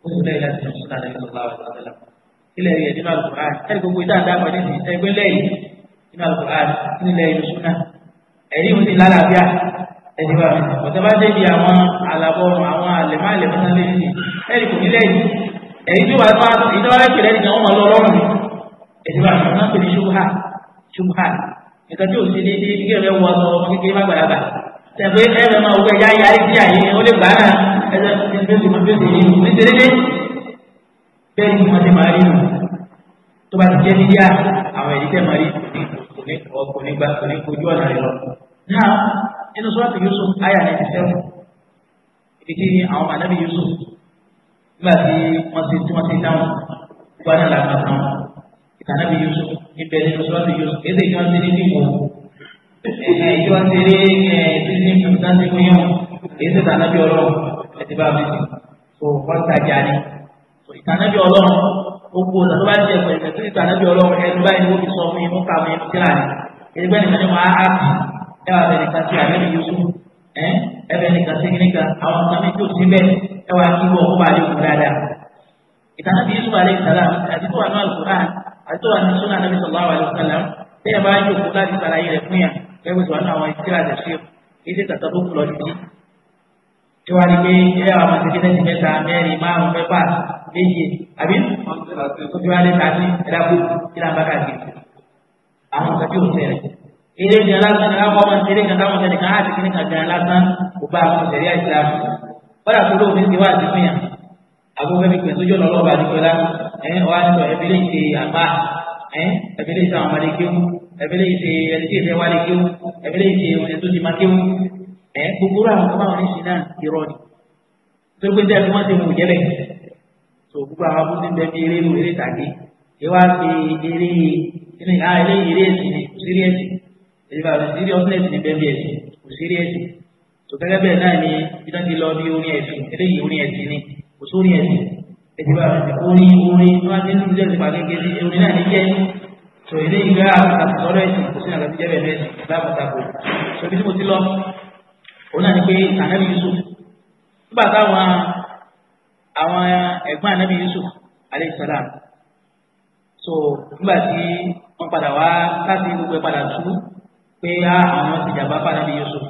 ó sì lẹ́yìn láti náà sọ́nà lẹ́yìn lọ́wọ́ àwọn ọ̀dọ́lá. kílẹ̀ rẹ̀ nínú àlùkùránì ẹ̀rí gbogbo ìdá àdáàbọ̀ nísìnyí ẹgbẹ́ lẹ́yìn nínú àlùkùránì nínú lẹ́yìn lọ́sùnà ẹ̀rí òun ti lálàáfíà ẹ̀rí wa ọ̀tẹ́ bá débi àwọn àlàbọ̀ àwọn àlẹ̀mọ́ àlẹ̀mọ́ sálẹ̀ nísìnyí ẹ̀rí kò ní lẹ́yìn ẹ̀rí tó ẹ̀sìn bá wọn pè ní ṣubúhà ṣubúhà nǹkan tí ò sí ní ní kí ẹ̀rẹ́ wọ ọ̀sán ọmọ kékeré má gbàlagbà tẹ̀gbẹ́ ẹ̀rọ máa wọ ẹ̀yà ayé sí àyè ó lè gbà náà ẹ̀sẹ̀ bí ó sì máa bí ó sì yé ní tẹ́lẹ̀ bẹ́ẹ̀ ni wọ́n ti máa rí nù tó bá ti jẹ́ ní díà àwọn ẹ̀dí tẹ̀ máa rí kò ní gbà kò ní kojú ọ̀nà rẹ̀ lọ. náà inú sọ́ọ̀tù Yusuf ayà ní ti sẹ́wọ̀n ibi tí àwọn Yusuf nígbà tí wọ́n ti dáhùn gbọ́dọ̀ làkàtà wọn. Nabi Yusuf ibẹ̀ ní sọ́ọ̀tì Yusuf èdè ìjọ ti ní kíkọ́ ìjọ ti ní ti ní kíkọ́ ti ní yọ̀ èdè ìtànàbí ọlọ́run ẹ̀dí bá mi tó kọ́ńtàjà ni ìtànàbí ọlọ́run gbogbo ọ̀nà tó bá ti ẹ̀kọ́ ìfẹ́ tó ìtànàbí ọlọ́run ẹ̀dí báyìí ni wọ́n fi sọ fún yín ká mi kíra ni èdè bẹ́ẹ̀ ni wọ́n á á bì ẹ wà bẹ̀rẹ̀ kan sí àbẹ̀rẹ̀ Yusuf ẹ ẹbẹ̀ nìkan sí kíníkan àwọn kan mi tó sí bẹ́ẹ̀ ẹ wà kí wọ́n kó bá lè kú dáadáa ìtànàbí Yusuf alẹ́ ìtàlá àti tó wà ní àti wà ní súnà nàbì sallallahu alaihi wasallam bẹ́ẹ̀ bá yóò kó láti sàlàyé rẹ̀ fún yàn lẹ́gbẹ̀ẹ́ tó wà ní àwọn ìṣẹ́lẹ̀ àtẹ̀ṣe ìṣe kàtà tó kù lọ sí. tí wàá di pé ilé àwọn ọmọ ṣẹkẹtẹ ti mẹ́ta mẹ́rin márùn mẹ́fà méje àbí ojú wa lè tàbí ẹ̀dàgbò ìlà bàkà gidi àwọn nǹkan tí ò tẹ̀lé. ilé ìjìnlẹ̀ lásán ni wọn máa ń ṣeré kan táwọn ọ̀sẹ̀ kan á ti kí ní kàgbẹ̀rẹ̀ lásán kò bá àwọn ìṣẹ̀rí àìsàn. bọ́dà tó lóòótọ́ ti wá àti àbúrò fẹ́mi pẹ̀lú ojú ọ̀nà ọlọ́ọ̀bà àdìgbò lásán ẹ eh, wá sọ ẹbí lè ṣe àbá ẹ ẹbí lè ṣe àwọn ọmọdé kéwù ẹbí lè ṣe ẹni tí ìfẹ́ wálé kéwù ẹbí lè ṣe ẹni tó ti máa kéwù ẹ eh, gbogbo àwọn tó máa ń ṣe náà irọ́ ni tó gbé dẹ́rù wọ́n ti mú jẹ́lẹ̀ tó gbogbo àwọn abúlé ń bẹ bí eré eré tàgé ẹ wá fi eré ilé ah, ilé eré ẹ̀sìn ni kò sírí ẹ̀sìn èyí bá sírí ọ̀sìn ni bẹ́ẹ̀ bí ẹ̀sìn kò sírí ẹ̀sìn tó gẹ́gẹ́ bẹ́ẹ̀ náà ni bí wọ́n ti lọ bí orin ẹ̀sìn eléyìí orin ẹ̀sìn ni kò sórin ẹ̀sìn ẹ̀dìbà orin orin tó wá dé ní ilé ìpàdé gidi orin náà ní jẹ́ sọ ilé ìgbé àtàkùsọ́rọ̀ ẹ̀sìn kò sí àgbà tí jẹ́bẹ̀ bẹ́ẹ̀ bá pàtàkì sọ ibi tí mo ti lọ òun náà ni pé ànábì Yusuf nígbà táwọn àwọn ẹ̀gbọ́n ànábì Yusuf alayhi so nígbà tí wọ́n padà wá láti gbogbo ẹ̀ padà tú pé ah, àwọn ti jàmbá fún ànábì Yusuf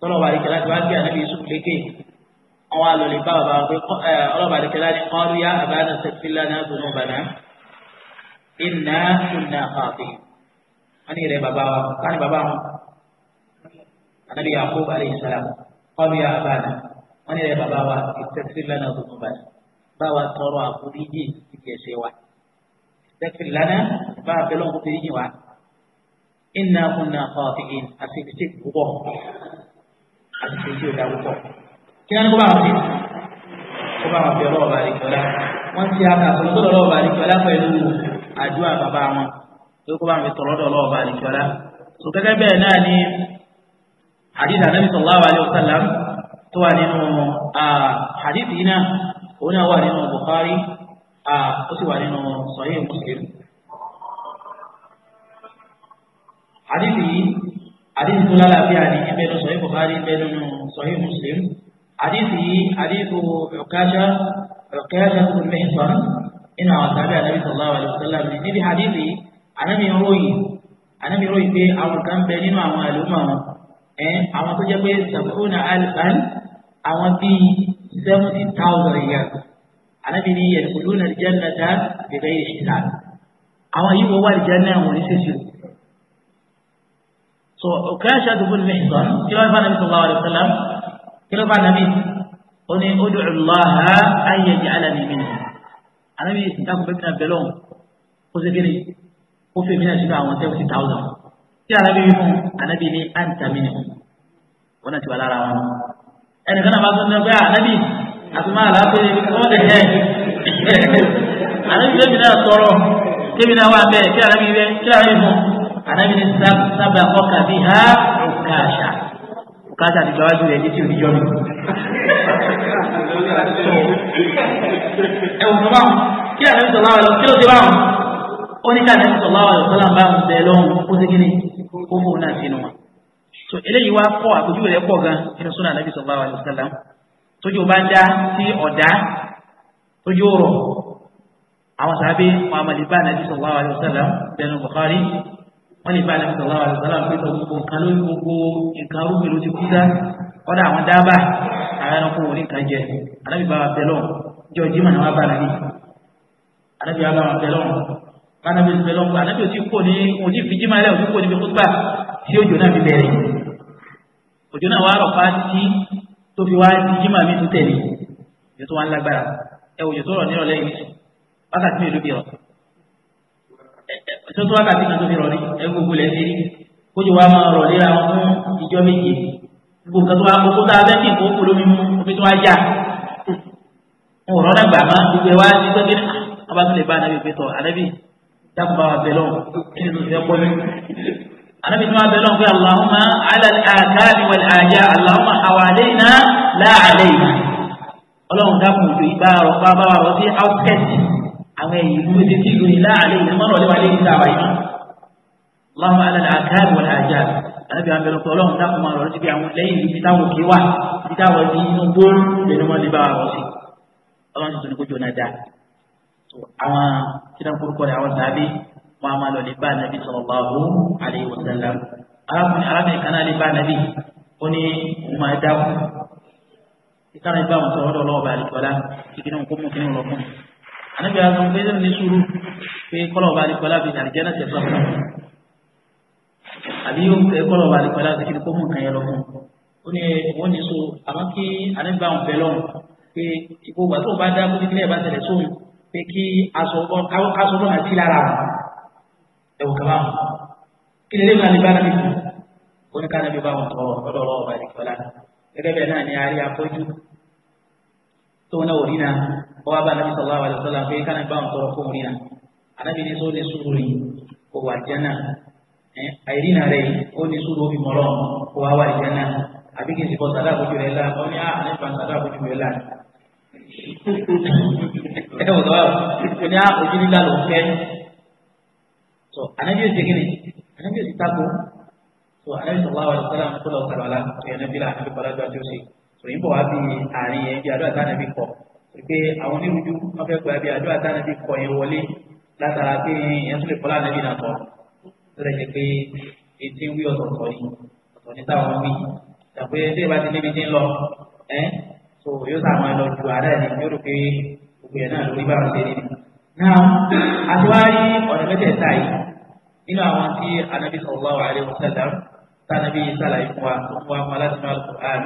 tọ́lọ̀ wà ní kẹlá ti wá gbé ànábì Yusuf lékè wọ́n wá lọ lè bá bàbá wọn pé ọlọ́ba àdìkẹ́lá ni kọ́ rí àbáná sẹ́fìlá náà tó náà bàná iná iná àfààfin wọ́n ní ìrẹ́ bàbá wa káni bàbá wọn anabi yakub alayhi salam kọ́ rí àbáná wọ́n ní ìrẹ́ bàbá wa sẹ́fìlá náà tó náà bàná tọrọ àforíjì ti kẹsẹ̀ wa sẹ́fìlá náà bá a bẹ̀rẹ̀ ọkọ̀ wa iná iná àfààfin àti ìṣèkú púpọ̀ àti ìṣèkú ìdá púpọ̀ kí wọ́n kó bá wọn fi kó bá wọn fi ọlọ́wọ́ bá àdìgbò ọlá wọ́n ti àkà sọ sọ́dọ̀ ọlọ́wọ́ bá àdìgbò ọlá pẹ̀lú àdúrà bàbá wọn pé kó bá wọn fi tọ̀rọ̀ dọ̀ ọlọ́wọ́ bá àdìgbò ọlá so gẹ́gẹ́ bẹ́ẹ̀ náà ni hadith anabi sallallahu alayhi wa sallam tó wà nínú hadith yìí náà òun náà wà nínú Bukhari ó sì wà nínú Sahih Muslim. hadith yìí hadith tó lálàáfíà ni ẹgbẹ́ nínú Sahih Bukhari ẹgbẹ́ Muslim. حديثه حديث عكاشة عكاشة بن محصن إن عتابع النبي صلى الله عليه وسلم نبي حديثي أنا ميروي أنا ميروي في أو كان بيني مع معلومة إيه أو تجا بي سبعون ألفا أو بي سبعين تاوزر ريال أنا بني يدخلون الجنة بغير حساب أو يبوا الجنة ونسيسيو so عكاشة بن محصن جاء النبي صلى الله عليه وسلم kí ló bá nàbí ó ní ud'u Allaha an yaj'alani minhum ànábì ìdákùn bẹ́ẹ̀ náà bẹ́ẹ̀ lọ́hùn ó ṣe kéde ó fèmí náà ṣe àwọn seventy thousand tí ànábì wí fún ànábì ní anta minhum wọn náà ti wà lára wọn ẹnìkan náà bá tún náà pé ah, ànábì àtúmọ̀ àlàáfíà ní wọ́n lè hẹ́ <laughs> ànábì lẹ́mi náà sọ̀rọ̀ kémi náà wà bẹ́ẹ̀ kí ànábì fún ànábì ní sábà ọkà bíi ha bùkátà ti gbáwájú rẹ̀ ní tí ò ní yọ mi. ẹ̀wọ̀n tó báwọn kí àná ń sọ̀lá ọ̀lọ́ kí ló ti báwọn ó ní káàdé ń sọ̀lá ọ̀lọ́ sọ́lá bá ń bẹ ó sì kí ni ó fò náà sínú wọn. so eléyìí wá pọ̀ àpèjúwe rẹ̀ pọ̀ gan nínú súnà nàbí sọ̀lá ọ̀lọ́ sọ́lá tójú bá dá sí ọ̀dá tójú rọ̀ àwọn sàbí muhammadu bá nàbí sọ̀lá ọ̀lọ́ sọ́lá bẹnu Bukhari wọ́n ní ìbáraẹni sọ̀rọ̀ àwọn àlùsọ̀rọ̀ àwọn pẹ̀lú gbogbo nǹkan lórí gbogbo nǹkan rúgbìn ló ti kú dá kọ́dà àwọn dábà àwọn ẹranko wò ní nǹkan jẹ anábì bá wa bẹ̀ lọ́wọ́ jọ jimá ni wọ́n bá nàní anábì bá wa bẹ̀ lọ́wọ́ kánábì bẹ̀ lọ́wọ́ anábì ò ti kó ní òun ti fi jimá rẹ̀ ò ti kó níbi kúgbà tí òjò náà fi bẹ̀rẹ̀ òjò náà wà rọ̀ pa tí tó fi wá ti jimá mi tún tẹ̀lé ètò wa lágbára ẹ òjò tó rọ̀ nírọ̀lẹ́ yìí wákàtí mi ò lóbi tó tó wákàtí kan tó fi rọ̀lẹ́ ẹ gbogbo lẹ́ sí kójú wa máa rọ̀lẹ́ ra fún ìjọ méje gbogbo nǹkan tó wá kókó tá a fẹ́ kí nǹkan ó polómi mú omi tó wá já ń rọ́ náà gbà má gbogbo ẹ wá sí pé kíni ọba tó lè bá anabi pé tọ́ anabi dákun bá wa bẹ̀ lọ́wọ́ kíni tó fẹ́ anabi tó wá bẹ̀ lọ́wọ́ pé ala al-akali aja Allahumma hawalayna la alayna ọlọ́run dákun ìgbà rọ̀ bá bá wa rọ̀ àwọn èyí ló ti ti lóyìn láàrin ìlú mọ́nà ọ̀lẹ́wà lè ta àwà yìí lọ́wọ́ alẹ́ àkáàbì wọn àjà alábi àwọn abẹ́rẹ́ ọlọ́run dákun máa rọrùn síbi àwọn lẹ́yìn ìlú títà wòkè wà títà wọ sí inú gbóòrò lẹ́nu wọn lè bá wa rọ̀ sí ọlọ́run tuntun ní kójú ọ̀nà dá àwọn kíndà kúrúkọ rẹ̀ àwọn tàbí wọn a máa lọ lè bá nàbí sallallahu alaihi wasallam arákùnrin arábìnrin kan náà lè bá ànábì àwọn ọmọ ẹgbẹ́ ní sùúrù pé kọ́lọ̀ bá nípa láti àdìjẹ́ náà tẹ̀sán fún un àbí yóò fẹ́ kọ́lọ̀ bá nípa láti kí ni kó mú nǹkan yẹn lọ fún un ó ní wọ́n ní so àmọ́ kí ànábì àwọn bẹ̀ lọ́rùn pé ìgbògbà tó bá dá kó ní kílẹ̀ bá tẹ̀lẹ̀ sóhun pé kí aṣọ bọ́ àti lára wọn ẹ̀wù kaba wọn kí lélẹ́yìn náà lè bá nàbí kù ó ní ká nàbí bá wọn tọrọ ọ̀dọ̀ ọ̀rọ̀ ọ̀bà ìdíkọ̀lá gẹ́gẹ́ bẹ́ẹ̀ náà ni a rí afọ́jú tó náà ò rí ọba bá anabi sallallahu alaihi wasallam pé kánà bá wọn tọrọ fóun rina anabi ní sọ ní sùúrù yìí kò wà jẹ́nà àìrìnà rẹ̀ yìí ó ní sùúrù ó fi mọ̀ lọ́wọ́ kò wá wà jẹ́nà àbí kì í sì bọ́ sàdá àbójú rẹ̀ la wọ́n ní ah, ànífà sàdá àbójú rẹ̀ la. <laughs> ẹ wò lọ́wọ́ ó ní àbójú ah, nílá ló fẹ́. tó anabi yóò segin ni anabi yóò ti tako tó anabi sallallahu alaihi wasallam kó lọ sàlọ́ la tó yẹn nábìlà àbí kọ́lá gbà ṣe tó yín pé àwọn onírúurú wọn fẹ́ gba ibi àdúrà táwọn ti kọ yẹn wọlé látara pé yẹn tún lè kọ́ láàrin náà tọ́ lọ́dọ̀ jẹ́ pé etí ń wí ọ̀tọ̀ọ̀tọ̀ ni ọ̀tọ̀ ní táwọn wí ìtàpé tí ìbá ti níbi tí ń lọ ẹ́ so yóò sá àwọn ẹlọ́jú ààrẹ ni yóò rò pé gbogbo yẹn náà lórí bá wọn ṣe rí ni. náà àtiwárí ọ̀nà mẹ́tẹ̀ẹ̀ta yìí nínú àwọn tí anabi sallallahu alaihi wasallam tánàbí sàlàyé fún wa fún wa fún aláṣẹ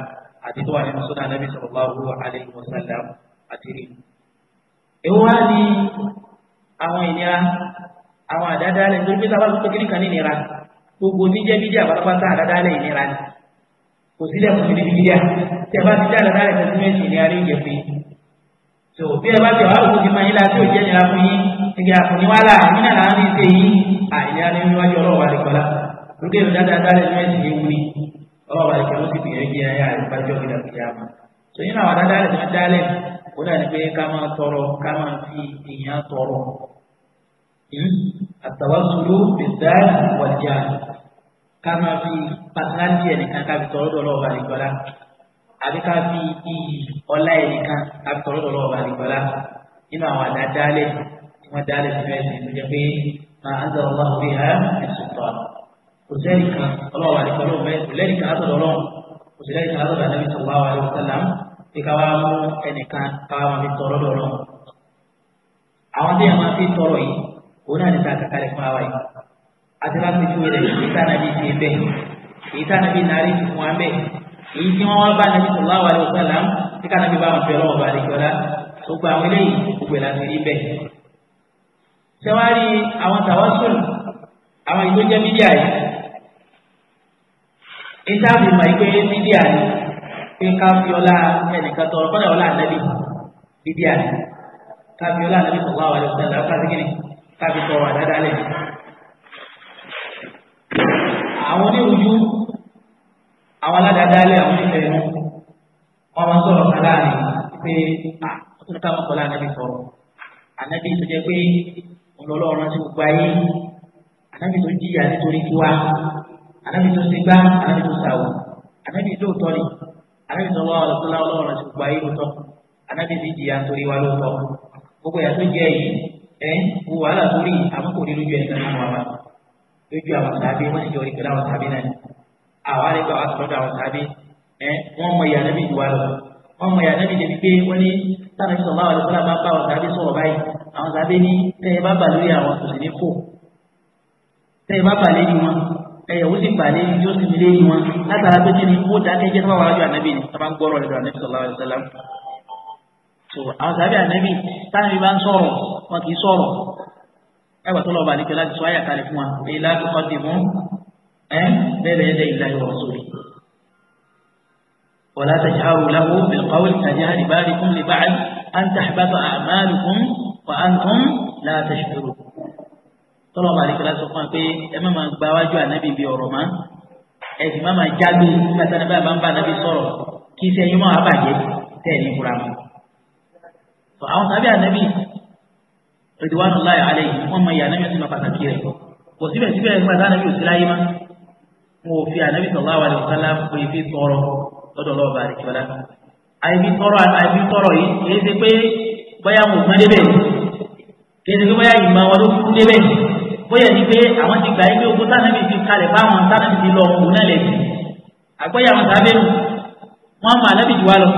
àti tó wà nínú sunnah anabi sallallahu alaihi wasallam àti rí. Èwo wá ní àwọn ìnira àwọn àdádálẹ̀ nítorí pé sábà tó kíní kan ní ìnira gbogbo oníjẹ́ bídíà pátápátá àdádálẹ̀ ìnira ni. Kò sílẹ̀ fún mi níbi bídíà tí a bá ti dá àdádálẹ̀ pẹ̀lú méjì ìnira ní ìjẹ̀fẹ́. Tó bí ẹ bá ti wà lóko ti máa yín láti òjẹ́ ìnira fún yín nígbà àfọ̀ní wá là nínú àlàá ní ìṣe yín àìnira ní níwájú ọlọ́wà àdìgbọ́lá. Lókè ìdádáálẹ̀ ní mẹ́sìn yìí wúni ọlọ́wà àdìgbọ́lá ti gbìyànjú ayé àdìgbàjọ́ ìdàkìyàmọ́. Tòyìn àwọn àdádálẹ̀ ti máa dálẹ̀ ó náà ní pé ká máa tọrọ ká máa fi èèyàn tọrọ àtàwásùlù bìtá wàjà ká máa fi pàtàkì ẹnìkan ká fi tọrọ dọ̀lọ́ ọba àdìgbọ́lá àbí ká fi iyì ọlá ẹnìkan ká fi tọrọ dọ̀lọ́ ọba àdìgbọ́lá nínú àwọn àdádálẹ̀ tí wọ́n dálẹ̀ sí ẹ̀sìn tó jẹ́ pé máa ń zọrọ̀ wá orí ẹ̀ ẹ̀sùn tọ́ kò sẹ́nìkan ọlọ́wọ́ àdìgbọ́lá òun bí ká wá mú ẹnìkan ká wá fi tọrọ lọ́rọ̀ àwọn tí a máa fi tọrọ yìí òun náà ní ta kàkálẹ̀ fún àwa yìí àti láti fi wẹ̀rẹ̀ ìta nàbí ti bẹ̀ ìta nàbí nàrí fún wa bẹ̀ èyí tí wọ́n wá bá nàbí sallallahu alaihi wasallam tí ká nàbí bá wọn fẹ́ lọ́wọ́ bá rí kọ́lá gbogbo àwọn eléyìí gbogbo ẹ̀ láti rí bẹ́ẹ̀. sẹ́wárí àwọn tàwásùn àwọn ìgbésẹ̀ mídíà yìí ìta àbìmọ̀ ìgbésẹ̀ mídíà yìí pé káfíọ́lá ẹnìkan tọrọ kọ́lá ọ̀la ànábì dídí àná káfíọ́lá ànábì sọ̀rọ̀ àwọn àlejò sẹ́lẹ̀ káfí kí ni káfí tọrọ àdáda lẹ̀. àwọn onírúurú àwọn aládàáda lẹ̀ àwọn onífẹ̀ ẹ̀mú wọn máa sọ̀rọ̀ kálá rẹ̀ pé àtúntò káwọn kọ́lá ànábì sọ̀rọ̀ ànábì tó jẹ́ pé ọlọ́run ti gbogbo ayé ànábì tó jìyà nítorí tiwa ànábì tó ti gbá ànábì tó sàwọ̀ ànábì tó tọ́ anabi sọlọ ọlọsọlá ọlọ́run ti gba yìí lọ́tọ̀ anabi ti jìyà nítorí wa lọ́tọ̀ gbogbo yà tó jẹ yìí ẹ wò wàhálà torí àmúkò ní lójú ẹsẹ̀ náà wà lójú àwọn sàbí wọn sì jọ orí pẹ̀lú àwọn sàbí náà àwa lè gba àwọn sọdọ àwọn sàbí ẹ wọn mọ ìyá anabi ju wa lọ wọn mọ ìyá anabi débi pé wọn ní sábà sọlọ ọlọsọlá máa bá àwọn sàbí sọ̀rọ̀ báyìí àwọn sàbí ní tẹ ẹ bá bà lórí àwọn kò sì ní kò tẹ ẹ bá bà lé ẹ̀yẹ̀ ó sì pàdé yóò sì nílé yìí wọn látara pé kí ni ó dákẹ́ jẹ́ sábà wájú ànábì ni sábà ń gbọ́rọ̀ lẹ́dọ̀ ànábì sallallahu alaihi wasallam. so àwọn sábẹ́ ànábì táwọn ibà ń sọ̀rọ̀ wọn kì í sọ̀rọ̀ ẹgbà tó lọ bá nìkan láti sọ àyà kalẹ̀ fún wa èyí láti kọ́ ti mú ẹ bẹ́ẹ̀ ẹ̀dẹ̀ ìlà ìwọ̀ sórí. wala tajharu lahu bil qawli tajhari tọ́lọ́ bá àdìgbò lásán fún wa pé ẹ má máa gba wájú ànábì bíi ọ̀rọ̀ má ẹ sì má máa jágbe nígbàtà nígbà bá ń bá ànábì sọ̀rọ̀ kí iṣẹ́ yín máa bàjẹ́ tẹ̀ ní ìbúra mu. àwọn sábẹ́ ànábì rìdíwánu láyà alẹ́ yìí wọ́n máa yà ànábì sínú pàtàkì rẹ̀ kò síbẹ̀síbẹ̀ nígbàtà ànábì ò sí láyé má mo fi ànábì sallallahu alaihi wasallam pé ibi tọrọ lọ́dọ̀ lọ́wọ́ bóyá ni pé àwọn ti gbà ẹgbẹ́ ogun tánàbí ti kalẹ̀ fáwọn tánàbí ti lọ òun náà lẹ́sìn àgbẹ̀yà àwọn sábẹ́nu wọ́n mọ ànábì jù wá lọ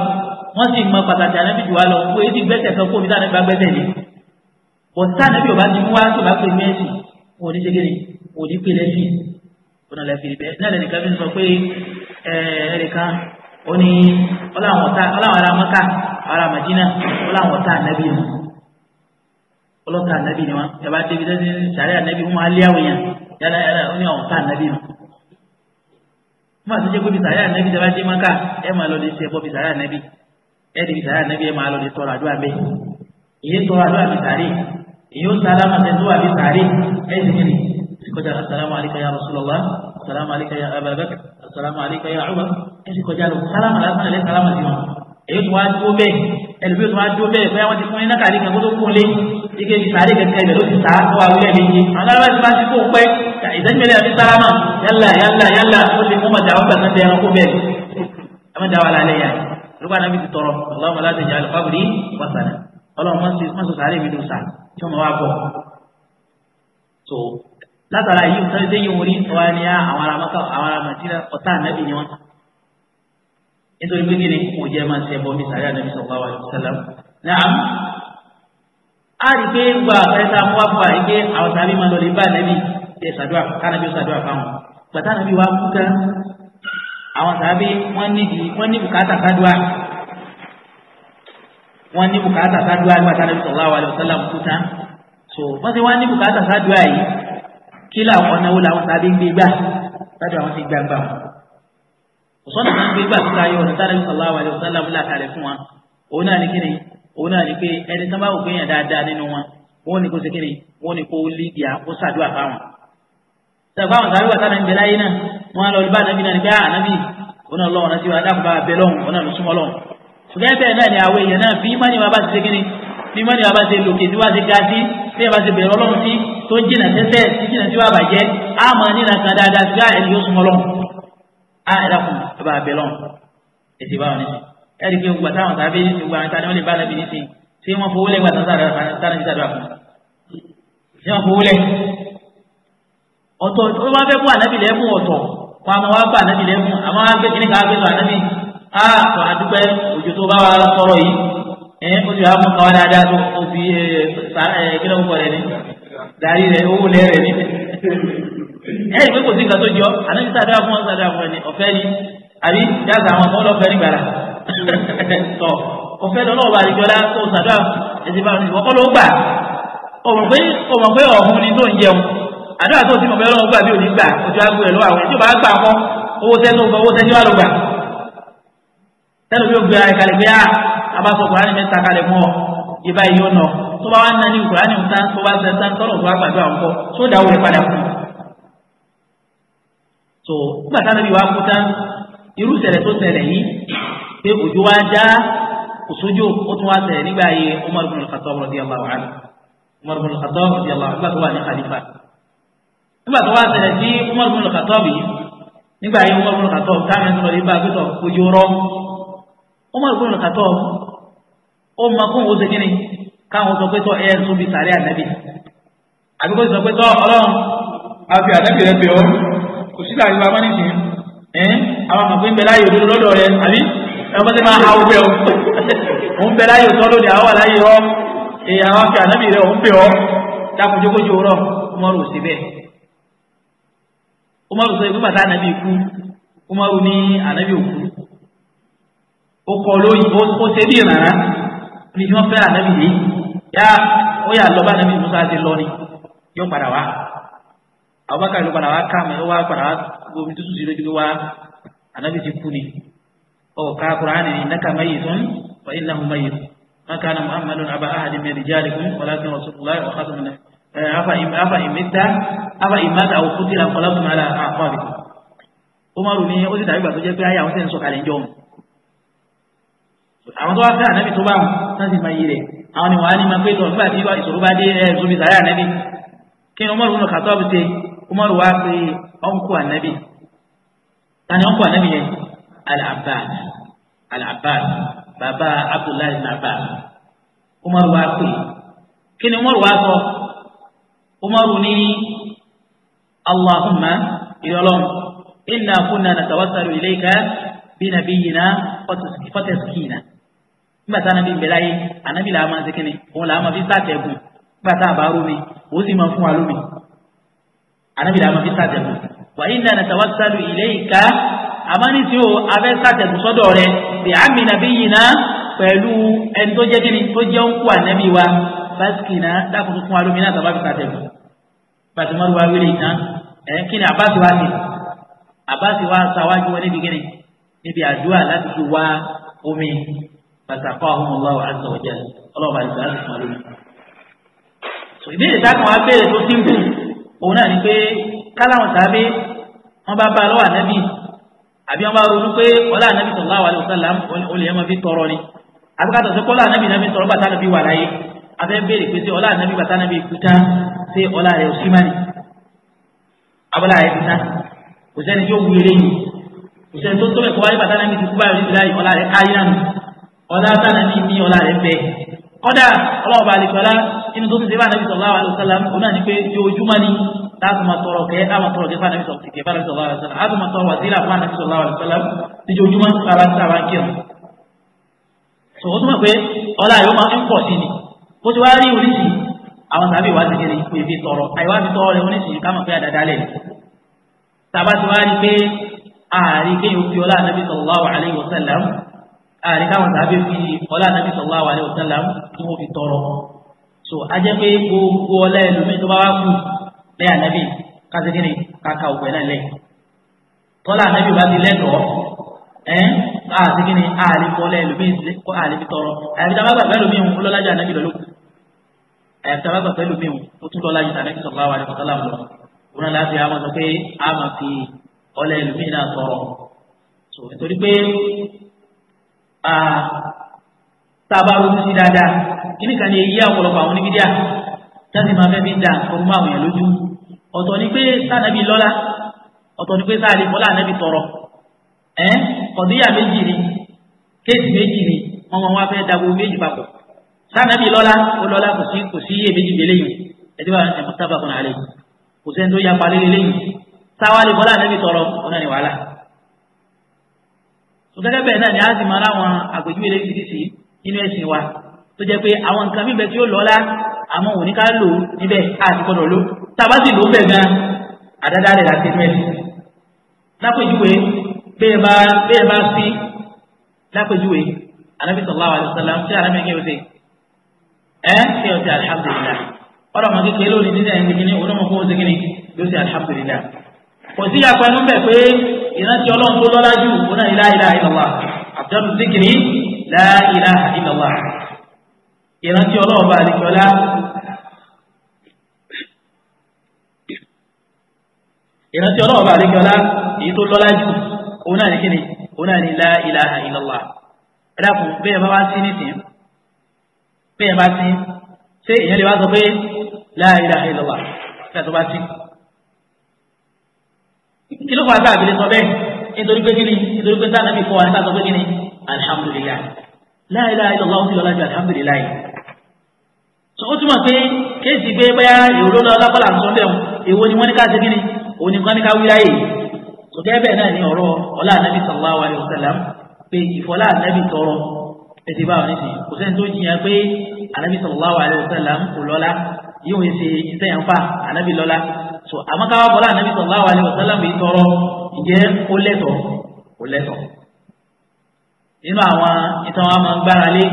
wọ́n sì mọ pàtàkì ànábì jù wá lọ wọ́n èyí ti gbẹ́sẹ̀ kan kó omi tánàbí bá gbẹ́sẹ̀ lé bọ̀ tánàbí ò bá ti mú wá tó bá pè ní ẹ̀sìn wọn ò ní ṣégéré wọn ò ní pè lẹ́sìn wọn náà lẹ́sìn ibẹ̀ náà lẹ́nìkan fi sọ pé ẹ̀ẹ́dẹ̀kan ó ní ọlọ́wọ́n ará mọ́ká ará màdínà ọlọ́wọ́n tá ànábì yìí ọlọ́ta ànábì ni wọn ẹ bá débi dẹ́sẹ̀ sàrẹ́ ànábì wọn máa lé àwọn èèyàn yálà yálà ó ní àwọn ká ànábì nù. fún àtúnṣe pé bisàrẹ́ ànábì tẹ́ bá dé mọ́ká ẹ máa lọ lè ṣe ẹ̀fọ́ bisàrẹ́ ànábì ẹ di bisàrẹ́ ànábì ẹ máa lọ lè tọrọ àdúrà bẹ́ẹ̀. èyí tọrọ àdúrà bisàrẹ́ èyí ó sálámà tẹ tó wà bisàrẹ́ ẹ sì kìnnì kọjá ya rasulallah asalaamu alayka ya ya umar ẹ sì kọjá lọ sálámà lásán ẹ lẹ sálámà èyí tó wá dúró bẹ́ẹ̀ ẹlòmíì tó wá dúró bẹ́ẹ̀ bóyá wọ́n ti fún iná kàlí kan kó tó kún lé ike ìsàlẹ̀ kẹ̀kẹ́ ibẹ̀ ló ti sá tó wà wílẹ̀ méje àwọn aláwọ̀ ti máa ti kó pẹ́ ìdẹ́gbẹ̀rẹ̀ àti sálámà yálà yálà yálà ó ti mú ọmọdé àwọn gbàgbọ́n tẹ ẹranko bẹ́ẹ̀ ẹmọdé àwọn alẹ́ yà lóba náà fi ti tọrọ ọlọ́mọ aláṣẹ ìjà alùpàbùrì wàsànà ọlọ́mọ mọ́sọ̀ nítorí pé kíni kò jẹ́ máa ṣe ẹbọ mi sàrí ànábì sallallahu alaihi wasallam náà á rí pé gba àfẹ́sà mú wá fún wa pé àwọn sàbí máa lọ lè bá ànábì ṣe ṣàdúrà kánábì ṣàdúrà fáwọn gbàtà ànábì wa kú kan àwọn sàbí wọ́n nídìí wọ́n ní bùkátà sàdúrà wọ́n ní bùkátà sàdúrà gbàtà ànábì sallallahu alaihi wasallam kú tán so wọ́n ti wá ní bùkátà sàdúrà yìí kí làwọn ọ̀nà wo làwọn sàbí gbé gbà sàdúrà wọn ti gbàgbà wọn sọ́nà máa ń gbé gbà síra yọ ọ̀nà sáré sallallahu alaihi wasallam làkàlẹ̀ fún wa òun náà ní kíni òun náà ní pé ẹni tó bá wò péyàn dáadáa nínú wọn wọn ní kó ṣe kíni wọn ní kó lé ìyá kó ṣàdúrà fáwọn. sàgbà àwọn sàbẹ̀wò sáré ń bẹ láyé náà wọn lọ bá ànábì náà ní pé à ah, ànábì òun náà lọ́wọ́ rántí wa dákùn bá wa bẹ lọ́hùn òun náà ló súnmọ́ lọ́hùn. ṣùgbọ́n bẹ́ẹ̀ náà ni àwọn èèyàn náà bí mọ́ni wa bá ti ṣe kíni bí mọ́ni wa bá ti lòkè tí wá ti ga sí bí wá ti bẹ̀rẹ̀ ọlọ́run sí tó jìnà tẹ́tẹ́ Ah, á ẹ̀dá fún ọba abẹ́lọ́n ètò ìbáwọn ní ẹ̀rí pé gbogbo àtàwọn tàbí gbogbo àwọn tàbí wọ́n lè bá nàbí ní sìn tí wọ́n fowó lẹ̀ gbàtàn sára ní sàdúrà fún tí wọ́n fowó lẹ̀ ọ̀tọ̀ ó bá fẹ́ kó ànábì lẹ́ mú ọ̀tọ̀ kó àwọn wá bá ànábì lẹ́ àwọn wá gbé kíní káwá gbé sọ ànábì á ah, sọ àdúpẹ́ òjò tó bá wa sọ̀rọ̀ yìí ẹ̀ ó sì wá mú káwá dáadáa tó fi eh, eh, kílọ̀ ń kọ̀ rẹ̀ ní dàrí rẹ̀ owó lẹ́ rẹ̀ ní. <laughs> ẹ̀rí pé kò sí nǹkan tó jọ ànábi sàdá fún ọ sàdá fún ẹni ọ̀fẹ́ ni àbí yàtọ̀ àwọn ọmọ ọlọ́fẹ́ ní gbàrà <laughs> tọ ọ̀fẹ́ lọ́wọ́ bá àdìjọ́lá tó sàdá ẹ̀sìn bá mi wọ́kọ́ ló gbà ọmọ pé ọ̀hún ni tó ń jẹun àdúrà tó ti mọ̀ pé ọlọ́wọ́ gbà bí òní gbà ojú agbó ẹ̀ lọ́wọ́ àwọn ẹ̀ tí ó bá gbà kọ́ owó tẹ́ tó gbà owó tẹ́ tí wàá ló gbà tẹ́lẹ̀ bí ó gbé ara kalẹ̀ pé ah, a abasọ̀ kùránì mẹ́ta kalẹ̀ mọ́ ibà yìí ó nà tó bá wà ń nání kùránì ń tán tó bá ń tán tọ́lọ̀ tó bá gbàdúrà ń kọ́ tó dáwọ́ rẹ̀ padà kù so nígbà tá nàbí wàá kú tán irú ṣẹlẹ̀ tó ṣẹlẹ̀ yìí pé òjò wa já òṣòjò ó tún wá ṣẹlẹ̀ nígbà yẹ Umar ibn al-Khattab radiyallahu anhu Umar ibn al-Khattab radiyallahu anhu nígbà tó wà ní khalifa nígbà tó wá ṣẹlẹ̀ sí Umar ibn al-Khattab yìí nígbà yẹ Umar ibn al-Khattab táwọn ẹni sọ̀rọ̀ yìí bá gbẹtọ òjò rọ Umar ibn al-Khattab ó mọ kóhùn ó ṣe káwọn sọ pé tọ ẹ ẹ tóbi sàrẹ ànábì àbíkó sọ pé tọ Ọlọ́run àfi ànábì rẹ bẹ ọ kò sí tàbí bàbá nìsín ẹ àwọn àmọ̀ pé ń bẹ láyé òdodo lọ́dọ̀ rẹ àbí ẹ̀rọ pẹ́sẹ́ máa ha ọgbẹ́ <laughs> ọ òun bẹ láyé òtọ́ lónìí àwọn aláyé ọ èèyàn àwọn fi ànábì rẹ òun bẹ ọ dákunjókòjò rọ Umaru ò sí bẹ́ẹ̀ Umaru sọ ìgbìmọ̀ tá ànábì kú Umaru ní ànábì òkú ó kọ lóyìn ó ṣe bí ìrànlá ní wọ́n fẹ́ ànábì yìí yá ó yà lọ bá ànábì Musa ti lọ ni yóò padà wá. Abubakar ló padà wá ká àmọ́ wá padà wá gbomi tútù sí lójú wá ànábì ti kú ni ọ̀ka kùránì ní innaka mayyitun wa innahum mayyitun ma kana Muhammadun aba ahadin min rijalikum walakin rasulullah wa khatamun eh, afa imita afa imata aw qutila qalabtum ala aqabikum Umaru ni ó sì dàbí gbàtó jẹ́ pé ayé àwọn tẹ̀ ń sọ kalẹ̀ ń jọ àwọn tó wá fẹ́ ànábì tó bá wọn náà sì máa yí rẹ̀ àwọn ni wàá ní máa pé tọ̀ nígbà tí ìṣòro bá dé ẹ̀ zumi sàrẹ́ ànábì kí ni Umaru nù kàtọ́ọ̀bù ṣe Umar wá pé ọ̀nkù ànábì tani ọ̀nkù ànábì yẹn Al-Abbas Al-Abbas Abdullahi nàbà Umar wá pé kí Umar wá sọ Umar ní Allahumma ìrọlọ́m inna kunna natawassalu ilayka bí nabiyyina fọ́tẹ̀sìkìnà nígbà tí anabi gbẹlẹ ayé anabi làá máa ń sekene òun làá máa fi sáàtẹ̀gùn nígbà tá a mi òun sì máa fún wa lómi anábìlẹ̀ àmọ́ fi sàtẹ̀gùn wà ní ìlànà tàwásálù ilé ìka àmọ́ni tí ó abẹ́ sàtẹ̀gùn sọ́dọ̀ rẹ̀ bí àmì nàbí yìí ná pẹ̀lú ẹni tó jẹ́ kíni tó jẹ́ òǹkú ànábì wa báṣkì náà dákùn fún alómi náà tàbá fi sàtẹ̀gùn bàtí mọ́rù wa wílé ìtàn ẹ̀ kí ni àbáṣe wa ti àbáṣe wa sàwájú wọn níbi kíni níbi àdúrà láti fi wá omi pàtàkọ́ àwọn ọmọ wa àti ọ̀jẹ̀ ọlọ́ọ̀bà ìgbà àti ìgbà lómi. ìbéèrè táwọn abéèrè tó ti ń dùn òun náà ni pé káláwọn sábẹ wọn bá bá lọ́wọ́ ànábì àbí wọn bá ronú pé ọlá ànábì sallallahu alaihi wasallam olè yẹn máa fi tọrọ ni àbíkàtọ sí kọlá ànábì náà fi tọrọ bàtà ànábì wà láyé abẹ béèrè pé sí ọlá ànábì bàtà ànábì kúta sí ọlá rẹ òsì má ni abọlá rẹ kúta kò sẹ́ni yóò wúlé yìí kò sẹ́ni tó tó bẹ wáyé bàtà ànábì ti kú báyọ̀ níbi láyé ọlá rẹ káyé náà ọlá kọ́dà ọlọ́ọ̀bà àlejòlá inú tó ti ṣe bá nàbí sallallahu alaihi wasallam òun náà ni pé ojoojúmọ́ ni láti máa tọrọ kẹ́ láti máa tọrọ kẹ́ fáwọn ẹ̀sọ̀ kẹ́ fáwọn ẹ̀sọ̀ láti sọ̀rọ̀ láti máa tọrọ wàsílà fún ànàbí sallallahu alaihi wasallam ojoojúmọ́ sára sára kírun. sọ̀rọ̀ tó mọ̀ pé ọlá yóò máa ń pọ̀ sí ni bó ti wá rí oríṣi àwọn tàbí wá ti kiri àrí káwọn tàbí fi ọlá nàbí sallallahu alaihi wasallam tí wọ́n fi tọrọ so a jẹ́ pé gbogbo ọlá ẹlòmíín tó bá wá kù lẹ́yìn ànábì kásìkìrì kàkà òpè náà lẹ̀ tọ́lá ànábì bá ti lẹ́tọ̀ọ́ ẹ́ àsìkìrì àrí kọ́lá ẹlòmíín kọ́ àrí fi tọrọ àyàfi tàbá gbàgbé ẹlòmíín ń lọ́lájà ànábì lọ́lọ́kù àyàfi tàbá gbàgbé ẹlòmíín ó tún lọ́lájà Ah, tabaru ti dáadáa kíní kan ní èyí àpọ̀lọpọ̀ àwọn oníbi díà jáde máa fẹ́ fi da ọdún máa wọ̀nyẹn lójú ọ̀tọ̀ ni pé sànàbí lọ́lá ọ̀tọ̀ ni pé sáàlì fọlá ànábì tọrọ ẹ̀ kọ̀díyà méjì ni kéèsì méjì ni wọ́n máa wá fẹ́ da gbogbo méjì papọ̀ sànàbí lọ́lá ó lọ́lá kò sí kò sí iye méjì bẹ́lẹ̀ yìí ẹ̀dí wà ní mustapha kùnà àlẹ́ kò sẹ́ni tó yapa lé lé ni wàhálà tó gẹ́gẹ́ bẹ́ẹ̀ náà ni a sì máa ráwọn àpèjúwe lẹ́sìkìsì nínú ẹ̀sìn wa tó jẹ́ pé àwọn nǹkan bíbẹ̀ tí ó lọ́lá àmọ́ òní ká lò níbẹ̀ àti gbọ́dọ̀ lò tábà sì lò bẹ́ẹ̀ gan àdáda rẹ̀ láti inú ẹ̀sìn. lápèjúwe bẹ́ẹ̀ bá bẹ́ẹ̀ bá sí lápèjúwe anabi sallallahu ṣé anabi kí o ṣe ẹ kí o alhamdulillah ọ̀rọ̀ mọ̀ kékeré lónìí nígbà yẹn ti kíní onímọ̀ kó alhamdulillah kò sí yàgbọ́n ìrántí ọlọ́run tó lọ́lá jù ó náà la ilaha illallah àbújọ́dù síkìrì la ilaha illallah ìrántí ọlọ́run bá àdìgbọ́lá. ìrántí ọlọ́run bá àdìgbọ́lá èyí tó lọ́lá jù ó náà ní kíni ó náà ní la ilaha illallah ẹ dákun bẹ́ẹ̀ bá wá sí nísìnyí bẹ́ẹ̀ bá sí ṣé ìyẹn lè wá sọ pé la ilaha bẹ́ẹ̀ tó bá sí kí ló fà á sáàbì lè sọ bẹ́ẹ̀ nítorí pé kí ni nítorí pé sáà nàbì fọ wa níta sọ pé kí ni alihamudulilayi la ilaha illallah ó ti lọ láti alihamudulilayi so ó túmọ̀ pé kéèsì pé bóyá èrò náà lápọ̀lá ń sọ lẹ́hùn èwo ni wọ́n ní ká ṣe kí ni òun ní ká wí láyè so bẹ́ẹ̀ náà ni ọ̀rọ̀ ọlá ànábì sallallahu alaihi wasallam pé ìfọlá so àmọ́ káwá bọ́lá ànábì sallallahu alaihi wasallam yìí tọrọ ǹjẹ́ ó lẹ́tọ̀ ó lẹ́tọ̀ nínú àwọn ìtàn wa máa ń gbára lé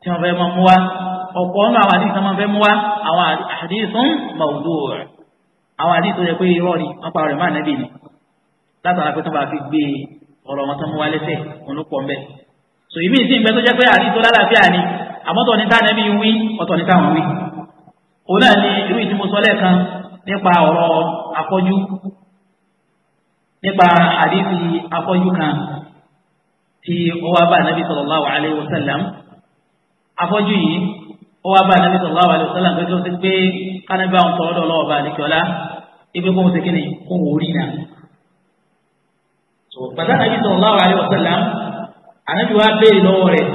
tí wọ́n fẹ́ máa mú wa ọ̀pọ̀ nínú àwọn àdìsí máa ń fẹ́ mú wa àwọn àdìsún mawdu' àwọn àdìsí tó yẹ pé irọ́ ni wọ́n pa ọ̀rẹ́ máa nẹ́bì ni látara pé tó bá fi gbé ọ̀rọ̀ wọn tó mú wa lẹ́sẹ̀ òun ló pọ̀ ń bẹ̀ so ìmí ìsìn ìgbẹ́ tó jẹ́ pé àdìsí tó lálàáfíà ni àmọ́tọ̀ ní táwọn ẹbí wí ọ̀tọ̀ ní táwọn wí òun náà ni irú ìdí mo sọ lẹ́ẹ̀kan nípa ọ̀rọ̀ afọ́jú nípa àdìsí afọ́jú kan tí ó wá bá nàbí sallallahu alaihi wasallam afọ́jú yìí ó wá bá nàbí sallallahu alaihi wasallam pé kí ó ti pé kánábà ń tọrọ dọ̀ lọ́wọ́ bá àdìkọ́lá ibi kó ń ṣe kíni kó wò ó rí náà. bàtà nàbí sallallahu alaihi wasallam ànábi wa béèrè lọ́wọ́ rẹ̀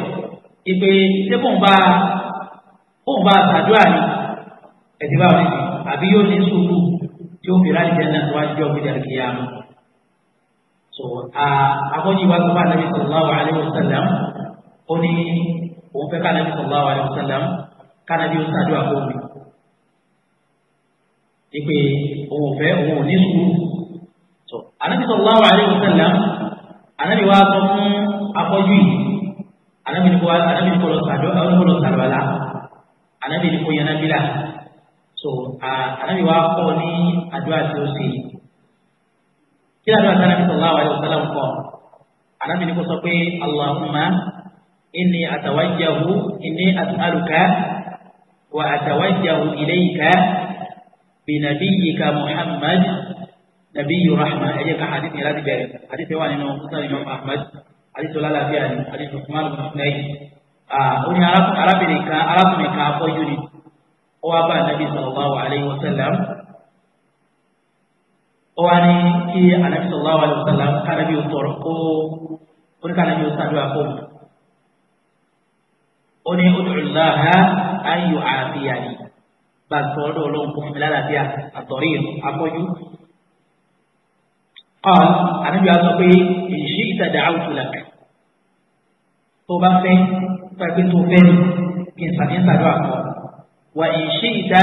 ìpè ṣé kò ń bá kò ń bá àtàdúrà ni ẹ̀sìn báwọn ẹ̀sìn àbí yóò ní sùúrù tí ó fìrà ìjẹ́nà tó wájú ọ̀gbìn dàrúkì yá mu. so àkọ́jú wa tó bá nàbí sallallahu alayhi wa sallam ó ní òun fẹ́ ká nàbí sallallahu alayhi wa sallam ká nàbí ó sàdó àkóbì. ìpè òun fẹ́ òun ò ní sùúrù. so ànábì sallallahu alayhi wa sallam ànábì wa sọ fún àkọ́jú yìí ànábì ni kò lọ sàdó ànábì ni kò lọ sàdó àlá ni kò yẹn nábìlà so anabi wa kọ́ ní àdúrà tí ó ṣe kí ládùúgbà tí anabi sallallahu alayhi wa sallam kọ́ anabi ni kò sọ pé allahumma inni atawajjahu inni as'aluka wa atawajjahu ilayka بنبيك محمد نبي رحمة أي حديث يلاد بير حديث يوان إنه مسلم إمام أحمد حديث لا لا بيان حديث عثمان بن حنين أوني أراب أراب نيكا أراب نيكا أقوى ó wá bá anabi sallallahu alayhi wa sallam ó wá ní kí anabi sallallahu alayhi wa sallam kánabi ó tọrọ kó ó ní kánabi ó sàdúrà kó mu ó ní ud'ullaha an yu'afiyani bá tọrọ lọ́wọ́ lọ́wọ́ kó fún mi àtọ̀rí àpọ́jú. قال أنا جاءتني إن شئت دعوت لك tó bá fẹ́ pẹ́pẹ́ tó fẹ́ ni وإن شئت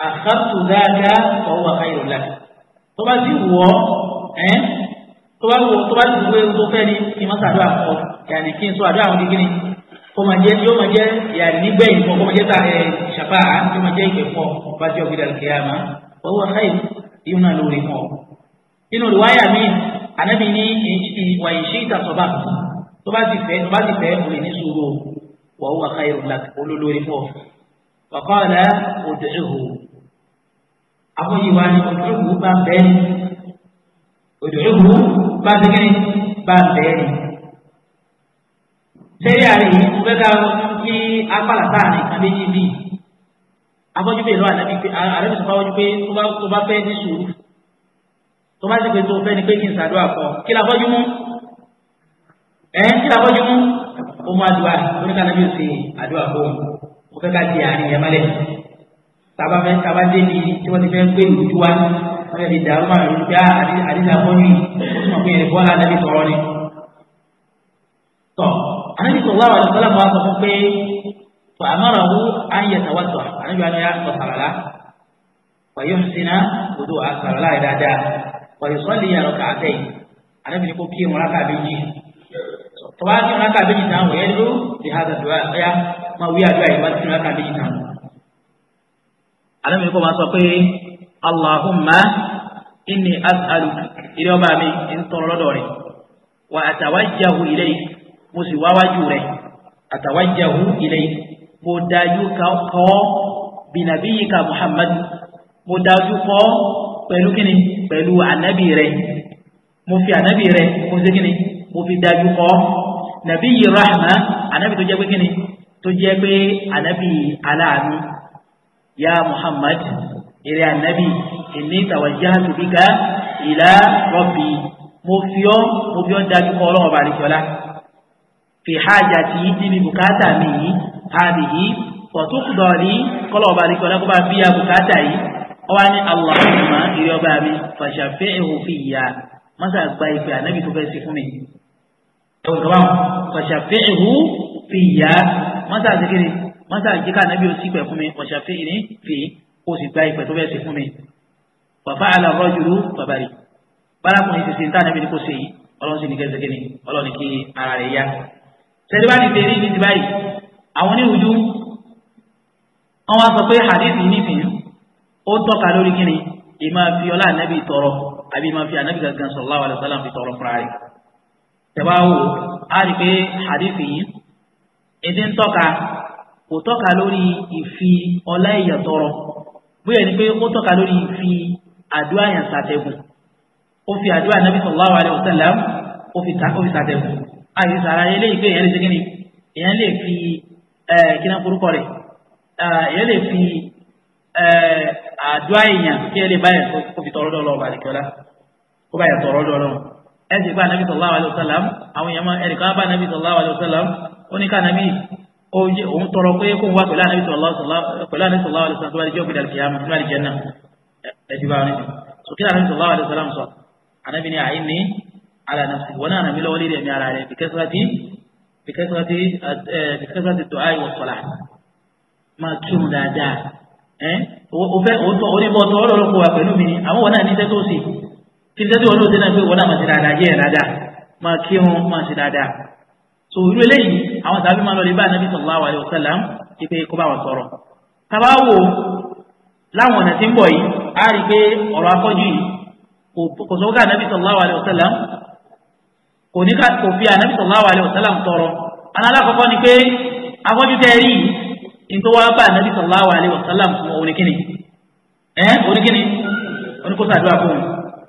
أخذت ذاك فهو خير لك طبعا هو إيه طبعا هو طبعا هو يوتوفيني في مسا دعاء يعني كين سوى دعاء وديكني كما جاء يوم جاء يعني نبين كما جاء شفاعة كما جاء كفو بعد يوم القيامة فهو خير يوم لوري فوق inú riwaya mi anabi ní ìwà ìṣe ìtàsọ́bà tó bá ti fẹ́ tó bá ti fẹ́ òun ní sùúrù wà ó wà káyọ̀ olólórí fún ọ فقال ادعه أبو يواني ادعه بان بيني ادعه بان بيني بان بيني sẹ́yìn àlẹ́ yìí mo fẹ́ ká ní apàlà sáàrin kan méjì bíi afọ́jú bẹ́ẹ̀ lọ́wọ́ àlẹ́ pé àlẹ́ mi sọ fáwọ́jú pé tó bá fẹ́ ní sùúrù tó bá sì pé tó fẹ́ ni pé kí n ṣàdúrà kọ́ kí la fọ́jú mú ẹ̀ kí la fọ́jú mú ó mú àdúrà oníkàlẹ́ mi ò ṣe àdúrà fóun mo fẹ́ ká di àárín yẹn mọ́lẹ̀ tàbá fẹ́ tàbá dé ní tí wọ́n ti fẹ́ gbé ìlú wa wọ́n yẹ ti dàrú máa rú pé àdínlá fọ́nú yìí wọ́n fi yẹn bọ́lá àdáni sọ̀rọ̀ ni. tọ́ ànábi sọ̀rọ̀ àwọn àdìsọ́lá wa sọ fún pé tọ́ àmọ́ra wo à ń yẹ tàwátọ̀ ànábi wa ni wọ́n yà sọ sàràlá wàyọ̀ sinna odò àsàràlá yẹ dáadáa wàyọ̀ sọ́ọ̀lì yàrá kàkẹ́ ànábi ni kò kí ìmọ̀lá kàbéjì tọ́wá kí ìmọ̀lá kàbéjì náà wọ̀ máa wí àdúrà yìí bá ti rà kàdé yìí tán. àlọ́ mi kò máa sọ pé Allahumma inni as'aluka ilé ọba mi ń tọrọ lọ́dọ̀ rẹ̀ wà àtàwájáhu ilé mo sì wáwájú rẹ̀ àtàwájáhu ilé mo dájú kọ́ bìnàbíyìíka Muhammad mo dájú kọ́ pẹ̀lú kíni pẹ̀lú ànábì rẹ̀ mo fi ànábì rẹ̀ mo sì kíni mo fi dájú kọ́ nàbí yìí rahma ànábì tó jẹ́ pé kíni tó jẹ́ pé anabi aláàánú ya muhammad eré anabi inni tawajjahtu bika ila rabbi mo fi ọ́ mo fi ọ́ dájú kọ́ ọlọ́run ọba àdìsọ́lá fi hajati níbi bùkátà mi yìí hàbìyí fọ̀túkùdọ̀ ní kọ́lọ̀ ọba àdìsọ́lá kó bá bí ya bùkátà yìí ọwọ́ ní allahumma eré ọba mi fashaffi'hu fiyya masa gba ìpè anabi tó fẹ́ sí fún mi. ọ̀gbọ́n fashaffi'hu fiyya mọ́tà àdékèrè mọ́tà àdékà nàbí o sì pẹ̀ fún mi ọ̀ṣà fi ìní fi kó o sì gba ìpẹ̀ tó bẹ́ẹ̀ sí fún mi bàbá àlàbọ̀ jùlọ bàbá rẹ̀ bárakùnrin ti ṣe ń tà nàbí ni kò ṣe yìí ọlọ́run sì ní kẹ́sẹ̀ kí ni ọlọ́run kí ara rẹ̀ yá. sẹ́ni bá ní tèrí ní ti báyìí àwọn onírúurú wọn wá sọ pé hadith yìí nífìyàn ó tọ́ka lórí kí ni ìmọ̀ fi ọlá ànábì tọrọ àbí ìmọ̀ fi ànábì gàgán sallallahu alaihi wasallam fi tọrọ fúnra rẹ̀. tẹ̀wá wo a rí pé hadith yìí ètí ń tọ́ka kò tọ́ka lórí ìfi ọlá èèyàn tọrọ bóyá ni pé ó tọ́ka lórí ìfi àdúrà yàn sàtẹ̀gùn ó fi àdúrà nàbí sallallahu alaihi wasallam ó fi sàtẹ̀gùn àyè sàrà eléyìí pé èèyàn lè ṣe kí ni èèyàn lè fi kí náà korúkọ rẹ̀ èèyàn lè fi àdúrà èèyàn kí ẹ lè bá yẹn kó fi tọrọ dọ́ọ̀lọ́ ọba àdìkọ́lá kó bá yẹn tọrọ dọ́ọ̀lọ́ ẹ ti gba nàbí sallallahu alaihi wasallam àwọn èèyàn máa ẹnìkan sallallahu alaihi wasallam ó ní kánábì òun tọrọ pé kó wá pẹ̀lú ànábì sallallahu alaihi wasallam jẹ́ òkúta kìyàmù nínú àlìjẹ́nà ẹ̀jú bá wọn ní sókè ànábì sallallahu alaihi wasallam sọ ànábì ní àyín ní ala nafsi wọn náà ànábì lọ́wọ́ lédè mi ara rẹ̀ bìkẹ́sàtì bìkẹ́sàtì bìkẹ́sàtì tó ayé wọ̀ sọ̀lá máa túmù dáadáa ẹ́ eh? o fẹ́ o tọ́ o ní bọ́ tọ́ ọ lọ́rọ́ kó wa kí so irú eléyìí àwọn tàbí máa lọ lè bá anabi sallallahu alayhi wa sallam ti pé kó bá wọn sọ̀rọ̀ tábà wò láwọn ọ̀nà tí ń bọ̀ yìí á rí i pé ọ̀rọ̀ afọ́jú yìí kò sọ́kà anabi sallallahu alayhi wa sallam kò ní ká kò fi anabi sallallahu alayhi wa sallam tọrọ alákọ̀ọ́kọ́ ni pé afọ́jú tẹ́ rí yìí nítorí wàá bá anabi sallallahu alayhi wa sallam fún oníkíni ẹ oníkíni oníkó sàdúrà fún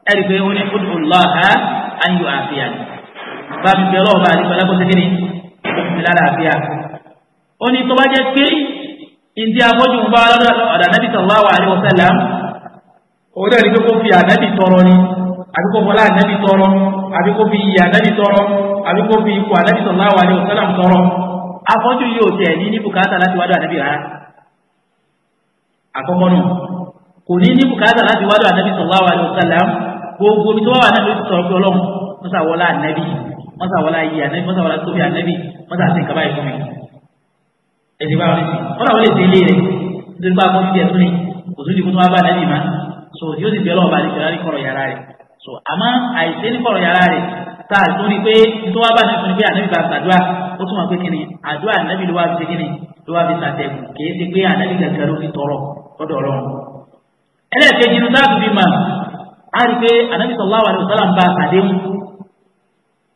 ẹ rí i pé oníkó bá mi bẹ̀rẹ̀ ọba àdìgbò alákòóso kí ni omi lálàáfíà ó ní tó bá jẹ́ pé ìdí afọ́jú ń bá ọ̀dà nàbì sallallahu alaihi wasallam òun náà ní pé kó fi ànábì tọrọ ni àbí kó fọlá ànábì tọrọ àbí kó fi iyì ànábì tọrọ àbí kó fi ipò ànábì sallallahu alaihi wasallam tọrọ afọ́jú yóò tẹ̀ ní ní bùkátà láti wádùn ànábì rárá àkọ́kọ́ náà kò ní ní bùkátà láti wádùn ànábì sallallahu alaihi wasallam gbogbo omi tó wà wà náà ló ti sọ̀rọ̀ pé ọlọ́run ó sàwọ́lá ànábì yìí mọ́sá wọlá yìí ànábì mọ́sá wọlá tóbi ànábì mọ́sá sí nǹkan báyìí fún mi ẹ̀sìn bá wọn sí wọn làwọn lè ṣe ilé rẹ̀ nítorí bá fọ́n tiẹ̀ tún ni kò tún di kó tó wá bá ànábì má so yóò sì bẹ̀rẹ̀ ọba àdìgbà ní kọ̀rọ̀ yàrá rẹ̀ so àmọ́ àìsè ní kọ̀rọ̀ yàrá rẹ̀ tá a tún rí pé tó wá bá ànábì fún mi pé ànábì bá ṣàdúrà ó tún wà pé kíni àdúrà ànábì ló wá fi kíni ló wá fi ṣàtẹ̀kù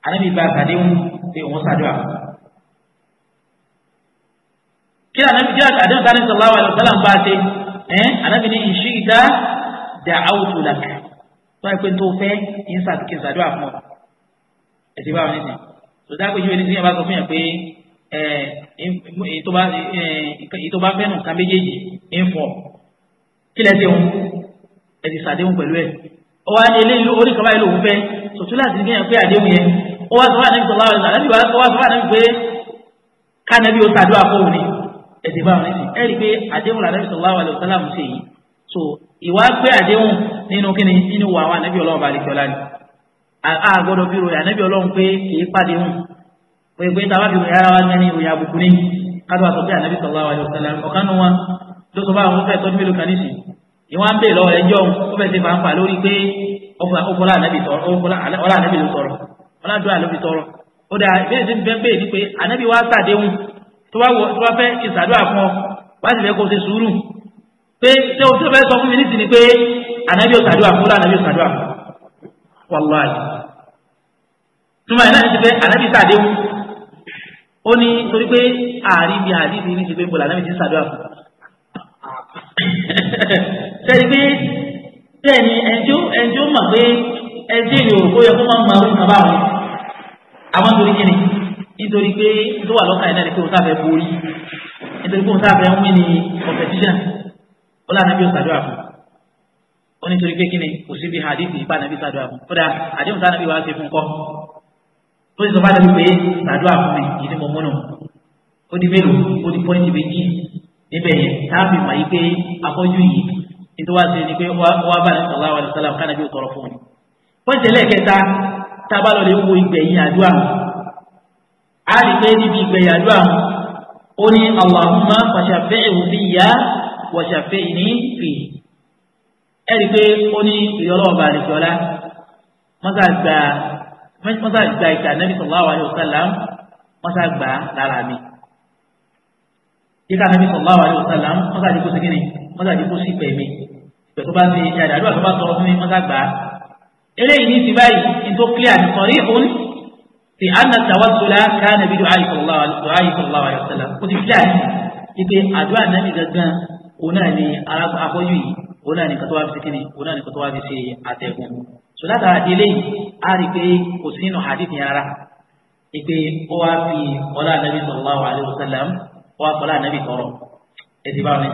anabi ba sàdéhùn pé òun sàdúrà kí anabi jẹ́ àdéhùn sáré sallallahu alaihi wasallam ń bá a ṣe ẹ́ anabi ní ìṣí ìdá dà áwùtò làkà tó wáyé pé tó fẹ́ ìnsà kí n sàdúrà fún ọ ẹ̀sìn báwọn nísìn tó dáa pé yíyọ ní sínyẹn bá sọ fún yẹn pé ẹ ìtọ́ bá fẹ́ràn kan méjèèjì ń fọ kí lẹ́sẹ̀ òun ẹ̀sìn sàdéhùn pẹ̀lú ẹ̀ ọ wá eléyìí orí kan báyìí lòun fẹ́ tòtúlá sí kéèyàn pé àdéhùn yẹn ó wá sọ fún ànábì sọlá ọ̀rẹ́ ànábì wá sọ fún ànábì pé kánábì ó sàdúrà fóun ni ẹ̀sìn báwọn ẹ̀sìn ẹ̀ rí i pé àdéhùn ànábì sọlá ọ̀rẹ́ ọ̀sálà mú sí yìí so ìwà pé àdéhùn nínú kíni nínú wà wà ànábì ọlọ́run balẹ̀ kíọ́lá ni a gbọ́dọ̀ bí ròyìn ànábì ọlọ́run pé kì í pàdé hùn pé pé tá a bá fi ròyìn ara wa ní ròyìn àbùkù ni kátó wa sọ pé ànábì sọlá ọ̀rẹ́ ọ̀sálà ọ̀kan nu wọn ló sọ fún àwọn fẹ́ẹ́ tọ́jú mélòó kan nísìnyí ìwọ́n á ń bè lọ́wọ́ ẹjọ́ òun ó fẹ́ẹ́ ṣe fàǹfà lórí pé ọkọlá ànábì tọrọ ọlá ànábì ló tọrọ ọlá àdúrà ló fi tọrọ ó dà bẹ́ẹ̀ sí fẹ́ bẹ́ẹ̀ ni pé ànábì wa sàdéhùn tó bá fẹ́ ìsàdúrà fún ọ wá sì fẹ́ kó o ṣe sùúrù pé ṣé o fẹ́ sọ fún mi nísìnyí pé ànábì ò sàdúrà fún ọlá ànábì ò sàdúrà fún wàláì túmọ̀ ẹ̀ náà ti fẹ́ ànábì sàdéhùn ó ní torí pé àárín mi àdìbí ní ti pé mo là ànábì ti sàdúrà fún ṣẹ́ni pé bẹ́ẹ̀ ni ẹnjú ẹnjú mọ̀ pé ẹnjú ìlú òkú yẹ kó máa ń mọ àwọn ìkàbá wọn àwọn torí kí ni nítorí pé tó wà lọ́kàn ẹ̀dá ni pé òun sábẹ́ borí nítorí pé òun sábẹ́ ń wí ní competition ó lànà bí ó ṣàdúrà fún ó nítorí pé kí ni kò sí bí hadith ìpá nàbí ṣàdúrà fún kódà àdéhùn sáà nàbí wàá ṣe fún kọ́ tó ti sọ fún àdéhùn pé ṣàdúrà fún mi ìdí mo múnú ó di mélòó ó di pọ́ìntì méjì níbẹ̀ yẹn táàbì mọ̀ yí nítorí wá sí ni pé wá bá ní sọlá wa sálàm ká nàbí òtọrọ fún mi wọ́n tẹ̀lé kẹta tá a bá lọ lè wo ìgbẹ̀yìn àdúrà á rí pé níbi ìgbẹ̀yìn àdúrà ó ní Allahumma fàṣàfẹ́ẹ̀hù fi yá wàṣàfẹ́ẹ̀ ní fi ẹ rí pé ó ní ìyọlọ́ọ̀bà àdìsọ́lá mọ́sá gba ìtàn nàbí sọlá wa sálàm mọ́sá lára mi yíká nàbí sallallahu alaihi wasallam mọ́sàdí kó segin ni mọ́sàdí kó sí pẹ̀mí ìgbà tó bá ti ṣe àdúrà tó bá tọrọ fún mi mọ́sàgbà eléyìí ní ti báyìí ní tó clear ní sọ̀rí òun ti anna tawassula kana bi du'a sallallahu alaihi wasallam ó ti clear ní ipe àdúrà nàbí gangan òun náà ni afọ́jú yìí òun náà ni kótó wá fi segin ni òun náà ni kótó wá fi ṣe àtẹ̀gùn sọláta eléyìí a wọ́n akọ́lá ànábì tọrọ ẹtì bá wọn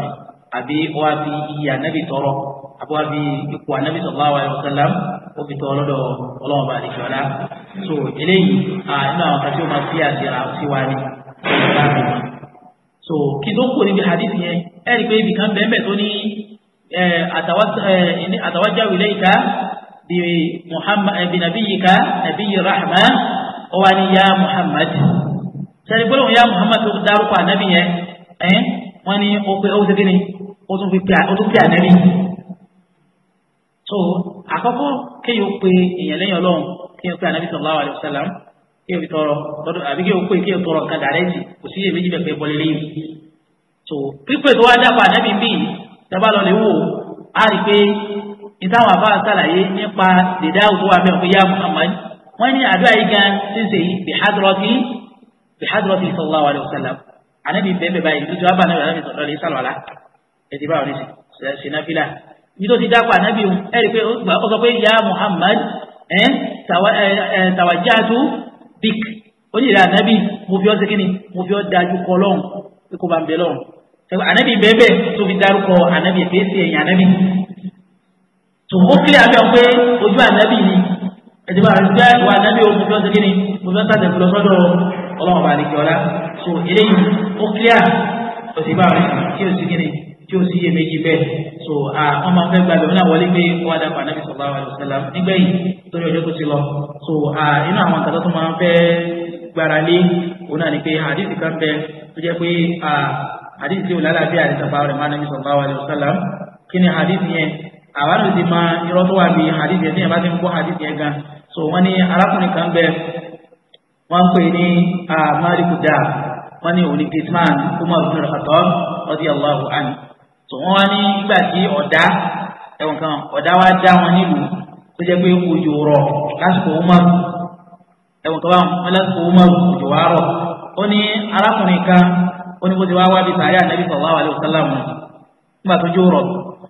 àbí wọ́n àfi iyì ànábì tọrọ àbí wọ́n àfi ipò ànábì sallallahu alaihi wasallam ó fi tọ́ ọlọ́dọ̀ ọlọ́run bá àdìsọ́ la so eléyìí nínú àwọn kan tí ó máa fi àṣírà sí wa ni so kí ló ń kó níbi hadith yẹn ẹ rí i pé ibì kan bẹ́ẹ̀ bẹ́ẹ̀ tó ní àtàwájáwé lẹ́yìn ká bí muhammad bí nabiyika nabiyi rahma ó wá ní ya muhammad sẹ́ni gbọ́dọ̀ ya Muhammad tó dárúkọ ànábì yẹn ẹ̀ wọ́n ní ó pé ó ti kíni ó tún fi pé ànábì. so àkọ́kọ́ kéèyàn pe èèyàn lẹ́yìn ọlọ́run kéèyàn pe ànábì sallallahu alaihi wasallam kéèyàn fi tọrọ lọ́dọ̀ àbí kéèyàn pe kéèyàn tọrọ nǹkan dàrẹ́tì kò sí èméjì bẹ̀ pé bọ́lẹ̀ lẹ́yìn. so pípé tó wá dápọ̀ ànábì bíi tábà lọ lè wò á rí pé ìtàwọn àbá sàlàyé nípa dèdá òtó wa mẹ́wọ̀n pé yá Muhammad wọ́n ní àdúrà yìí gan ṣíṣe yìí bìhádùrọ́tì bihadrati sallallahu alayhi wa sallam anabi bẹ́ẹ̀ báyìí tuntun abba anabi anabi sọ̀rọ̀ lè sálọ̀ la ẹ̀sìn báwọn ẹ̀sìn sinafila yìí tó ti dákọ̀ anabi o ẹ̀rí pé ó sọ pé ya muhammad ẹ̀ tawajjatu bik onídìrí anabi mo fi ọ́ sí kíni mo fi ọ́ dájú kọ́ lọ́hùn pé kó bá ń bẹ lọ́hùn anabi bẹ́ẹ̀ bẹ́ẹ̀ tó fi dárúkọ anabi ẹ̀ fèsì ẹ̀yìn anabi tó ó kílẹ̀ abẹ́ ọ pé ojú anabi ni ẹ̀sìn báwọn ẹ̀sìn báwọn anabi o mo fi ọ́ sí kíni mo fi ọ́ sàtẹ̀ fúlọ́sọ́dọ̀ ọlọ́run bá lè jọlá so eléyìí ó clear ó sì bá rẹ̀ kí ó sì kíni tí ó sì yé méjì bẹ́ẹ̀ so àwọn máa fẹ́ gba lòmìnira wọlé pé ó wá dàpọ̀ anábì sallallahu alaihi wasallam nígbẹ̀yìn torí ọjọ́ tó ti lọ so inú àwọn àtàtọ́ tó máa ń fẹ́ gbára lé òun náà ni pé àdìsí kan bẹ tó jẹ́ pé àdìsí ò lálàáfíà àti tàbá rẹ̀ máa nábì sallallahu alaihi wasallam kí ni àdìsí yẹn àwọn àti ti máa irọ́ tó wà bí àdìsí yẹn tí yẹn bá ti ń kó àdìsí yẹn gan so wọ́n ní arákùnrin kan bẹ wọ́n ń pè ní maliku dá wọ́n ní òní gizman umar bin al-khattab radiyallahu anhu tó wọ́n wá ní ìgbà tí ọ̀dá ẹ̀wọ̀n kan ọ̀dá wa dá wọn nílùú tó jẹ́ pé òjò rọ̀ lásìkò umar ẹ̀wọ̀n kan wọn lásìkò umar òjò wa rọ̀ ó ní arákùnrin kan ó ní bó ti wá wá bí sàárẹ̀ ànábì sallallahu alaihi wasallam nígbà tó jó rọ̀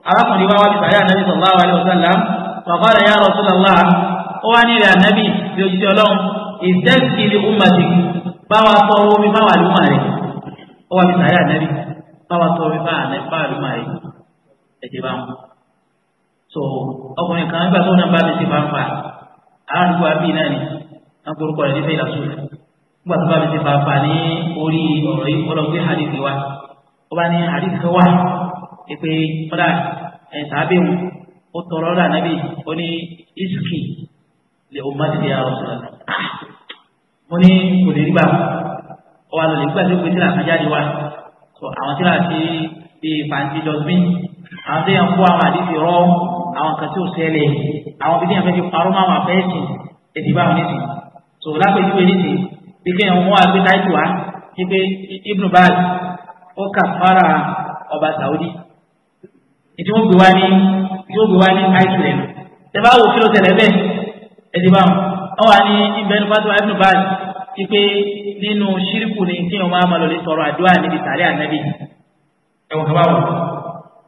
arákùnrin wá wá bí sàárẹ̀ ànábì sallallahu alaihi wasallam faqala ya rasulullah ó wá ìdẹ́sìkìlì ọmọdé báwa tọrọ omi báwa lùmọ̀ rẹ̀ ọwọ́ mi sàárẹ̀ ànábì báwa tọrọ omi báwa ànábì báwa lùmọ̀ rẹ̀ ẹ̀jẹ̀ bá wọn. so ọkùnrin kan nígbà tó náà bá mi ṣe fanfa aládùúgbò àbí náà ni wọn kórúkọ rẹ̀ nífẹ̀ẹ́ ìlàsùn rẹ̀ nígbà tó bá mi ṣe fanfa ní orí ọ̀rọ̀ yìí ọlọ́gbé hadithi wa ó ní hadithi kan pé kọ́dà ẹ̀ sàábẹ̀ wọn ó tọrọ ọ̀rọ̀ ànábì ó ní iski lè ó má ti di àrọ̀ sọ̀rọ̀ náà mo ní kò lè rígbà ọwọ́ àlọ́ lè gbà tó pé tíra kan jáde wá so àwọn tíra ti di pàǹtí dọ́sbìn àwọn tó yàn kó àwọn àdìsí rọ àwọn kan tí ò ṣẹlẹ̀ àwọn bí tíyàn fẹ́ parọ́ mọ́ àwọn àfẹ́sìn ètí bá wọn nísìn so lápèjúwe nísìn bí kéèyàn wọ́n wá gbé táìtù wá pípé ibnu baal ó kà fara ọba saudi ìdí wọn gbé wá ní ìdí wọn gbé wá ní táìtù rẹ tẹ bá wò kí ló bẹ́ẹ̀ ètí wọ́n wà ní ibẹ̀nu pátó ibnu baz ipe nínú ṣíríkù ni kí wọ́n máa lọ lè sọ̀rọ̀ àdúrà níbi sàárẹ̀ ànábì ẹ̀wọ̀n kan báwọn.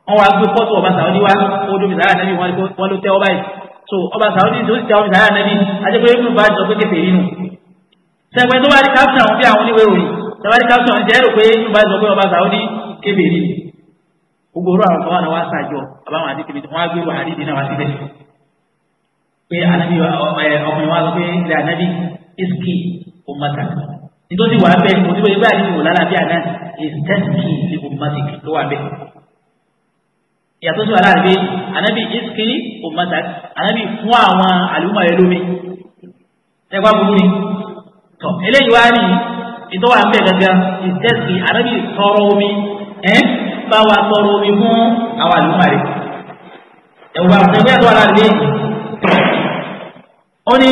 wọ́n wá gbé fọ́tò ọba sàwọ́dí wá odò sàárẹ̀ ànábì wọ́n ló tẹ́ ọba yìí so ọba sàwọ́dí tó ti tẹ́ ọba sàárẹ̀ ànábì àjẹpẹ́ ibnu baz sọ pé kéfèé nínú. sẹ́gbẹ́ tó bá rí kápsà wọn bí àwọn oníwèé òyìn tẹ́wárí kápsà wọn jẹ́ rò pé ibnu baz sọ pé ọba sàwọ́dí kéfèé nínú. gbogbo àwọn kan pé anabi ọkùnrin wa sọ pé ilẹ̀ anabi iski umata nítorí wàá bẹ́ẹ̀ kò síbẹ̀ ibà yìí wò lálàbíà náà iski ni umata ló wà bẹ́ẹ̀ yàtọ̀ sí wàhálà rẹ̀ anabi iski umata anabi fún àwọn àlùmọ̀ yẹn lómi ẹgbẹ́ burú ni tọ̀ eléyìí wá ní ìtọ́wà ń bẹ̀ gángan iski anabi tọrọ omi ẹ́ bá wa tọrọ omi fún àwọn àlùmọ̀ rẹ̀ ẹ̀wọ̀n àti ẹgbẹ́ àtọ́wà rẹ̀ ó ní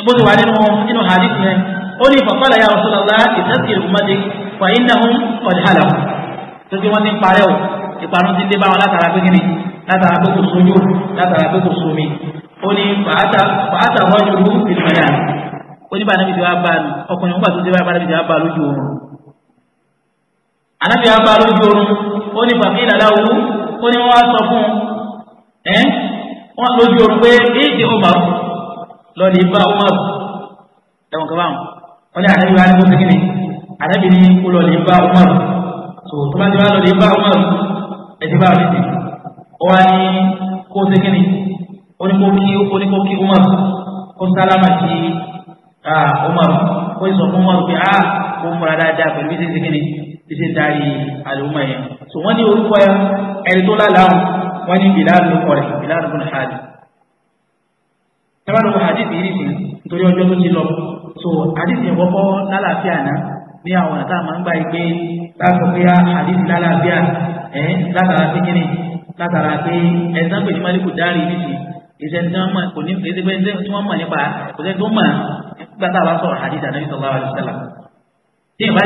ìbúdó wà nínú nínú hadith yẹn ó ní faqala ya Rasulullah ìtẹ́sìrì ummati fa innahum qad halaku tó kí wọ́n ti ń parẹ́ o ìparun ti dé bá wọn látara pé kíni látara pé kò sójú látara pé kò sómi ó ní fàátà rọ́jùlú ìfẹ̀yà ó ní bàánà bìtì wá bá a ọkùnrin wọn gbà tó dé bá bàánà bìtì wá bá a lójú oorun ànábì wá bá a lójú oorun ó ní bàmí ìlàláwo ó ní wọn wá sọ fún un wọn lójú oorun pé éèdè ó bá lọ́ọ̀lì bá umar ẹ̀wọ̀n kan báwọn wọ́n ní àdábì wa ní kóso kíni àdábì ní kó lọ́ọ̀lì bá umar tó tó bá ti wá lọ́ọ̀lì bá umar ẹ̀dí bá rí ti ó wá ní kóso kíni ó ní kó kí ó ní kó kí umar kó sálámà sí umar kó sọ fún umar pé a ah, kó múra dáadáa pẹ̀lú bí ṣe ń ṣe kíni bí yẹn tó wọ́n ní orúkọ ẹni tó lálàá wọn ní bìlá lókọ̀ rẹ̀ bìlá lókọ̀ rẹ̀ ẹ bá lọ́wọ́ hadith yìí nìyí nítorí ọjọ́ tó ti lọ so hadith yẹn kọ́kọ́ lálàáfíà náà ní àwọn ọ̀nà tá a máa ń gbà yìí pé láti pé hadith lálàáfíà ẹ̀ látara pé kíni látara pé ẹ̀sán pè ní malikú dárì nìyí ìṣẹ́ tí wọ́n mọ̀ kò ní èdè pé ẹ̀sẹ̀ tí wọ́n mọ̀ nípa kò sẹ́ tó mọ̀ nígbà tá a bá sọ̀rọ̀ hadith ànábì sallallahu alaihi wasallam tí ìbá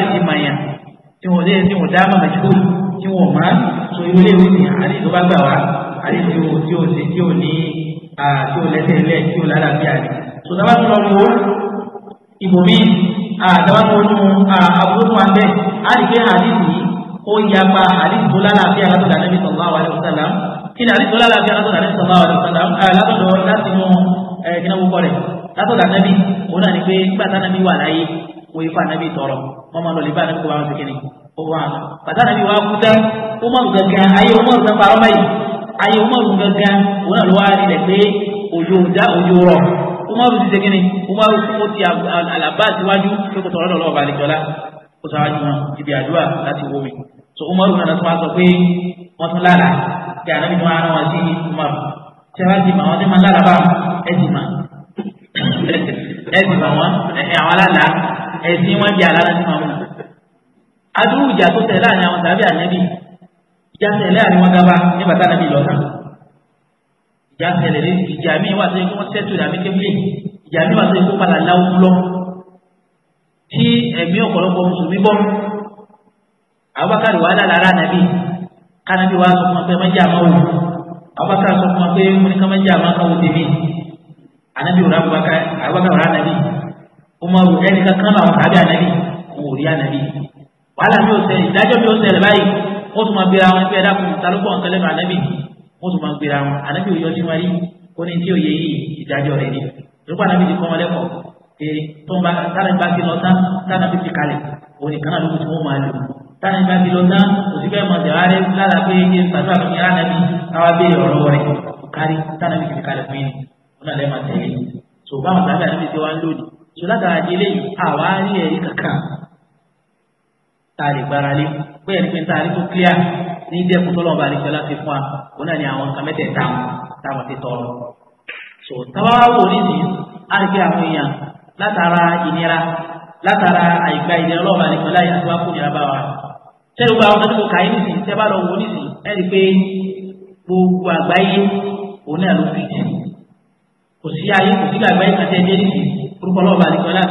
so ìwé ilé ìwé ni hadith tó bá gbà wá hadith tí Ah, tí ó lẹ́sẹ̀ lẹ̀ tí ó lálàáfíà ni so dábàá tó lọ wo ibòmí dábàá tó nu àbúrò wa bẹ́ẹ̀ á lè gbé àdìsí ó yapa àdìsí tó lálàáfíà látọ̀dọ̀ àdìsí sọ̀rọ̀ àwọn àdìsí sọ̀rọ̀ kí ni àdìsí tó lálàáfíà látọ̀dọ̀ àdìsí sọ̀rọ̀ àwọn àdìsí sọ̀rọ̀ látọ̀dọ̀ láti mú kíná gbogbo rẹ̀ látọ̀dọ̀ ànábì òun náà ni pé nígbà tá ànábì wà láyé wọ́n yípa ànábì tọrọ wọ́n máa lọ lè bá ànábì kó bá wọn ṣe kíni ó wà pàtàkì ànábì wà á kú ó mọ̀ ayé umaru gangan òun náà ló wá rí rẹ pé òjò dá òjò rọ umaru ti segin ni umaru kó ti alaba síwájú pé kò tọrọ lọ́wọ́ balẹ jọlá kó sáwájú wọn ibi àdúrà láti wọmi so umaru náà tó wá sọ pé wọn tún lára kí anabi tó wá rán wọn sí umaru sẹfà ti mà wọn ti máa lára bá ẹ ti mà ẹ ti mà wọn ẹ àwọn alála ẹ ti wọn di alára ti mà wọn. adúrú ìjà tó tẹ̀ láàrin àwọn tàbí ànábì ìjà ṣẹlẹ̀ àti wọn gaba ní bàtà nàbí lọ́tà ìjà ṣẹlẹ̀ ní ìjà mi wà sẹ́yìn kí wọ́n tẹ́tù ìdàmí kébìlì ìjà mi wà sẹ́yìn kó padà láwùú lọ tí ẹ̀mí ọ̀pọ̀lọpọ̀ mùsùlùmí bọ́ Abubakar wà lára nàbí kánábí wà sọ fún ọ pé má jẹ́ àmọ́ wò Abubakar sọ fún ọ pé mo ní ká má jẹ́ àmọ́ tèmi anabi wòle Abubakar Abubakar wòle anabi wọ́n tún máa gbéra wọn pé ẹ̀dá kan talókọ̀ nǹkan lẹ́nu ànábì wọ́n tún máa gbéra wọn ànábì ò yọ sí wọn rí ó ní tí ò yẹ yìí ìdájọ́ rẹ̀ ni lópa ànábì ti kọ́ wọn lẹ́kọ̀ọ́ pé tó ń bá tánàbí bá ti lọ tán tánàbí ti kalẹ̀ òun nìkan náà ló kù tí wọ́n máa lò tánàbí bá ti lọ tán kò sí bẹ́ẹ̀ mọ̀ jàre lára pé iye sàdúrà fún káwá béèrè ọ̀rọ̀ tá a lè gbára lé bẹ́ẹ̀ ni pé tá a lè tó clear ní dẹ́kun tọ́lọ́ ọba fún wa òun náà ni àwọn nǹkan mẹ́tẹ̀ẹ̀ta táwọn ti tọrọ. so táwa wò nídìí á rí pé àwọn èèyàn látara ìnira látara àìgbà ìnira ọlọ́ọ̀bà àlejò láyé àti wá fún ìnira bá wa. sẹ́nu gba àwọn tó ti kò káyé nìsín tẹ́ bá lọ wò nísìn ẹ́ rí pé gbogbo àgbáyé òun náà ló fi jì kò sí ayé kò sí àgbáyé kàtẹ́ dé nìsín orúkọ ọlọ́ọ̀bà àlejò láti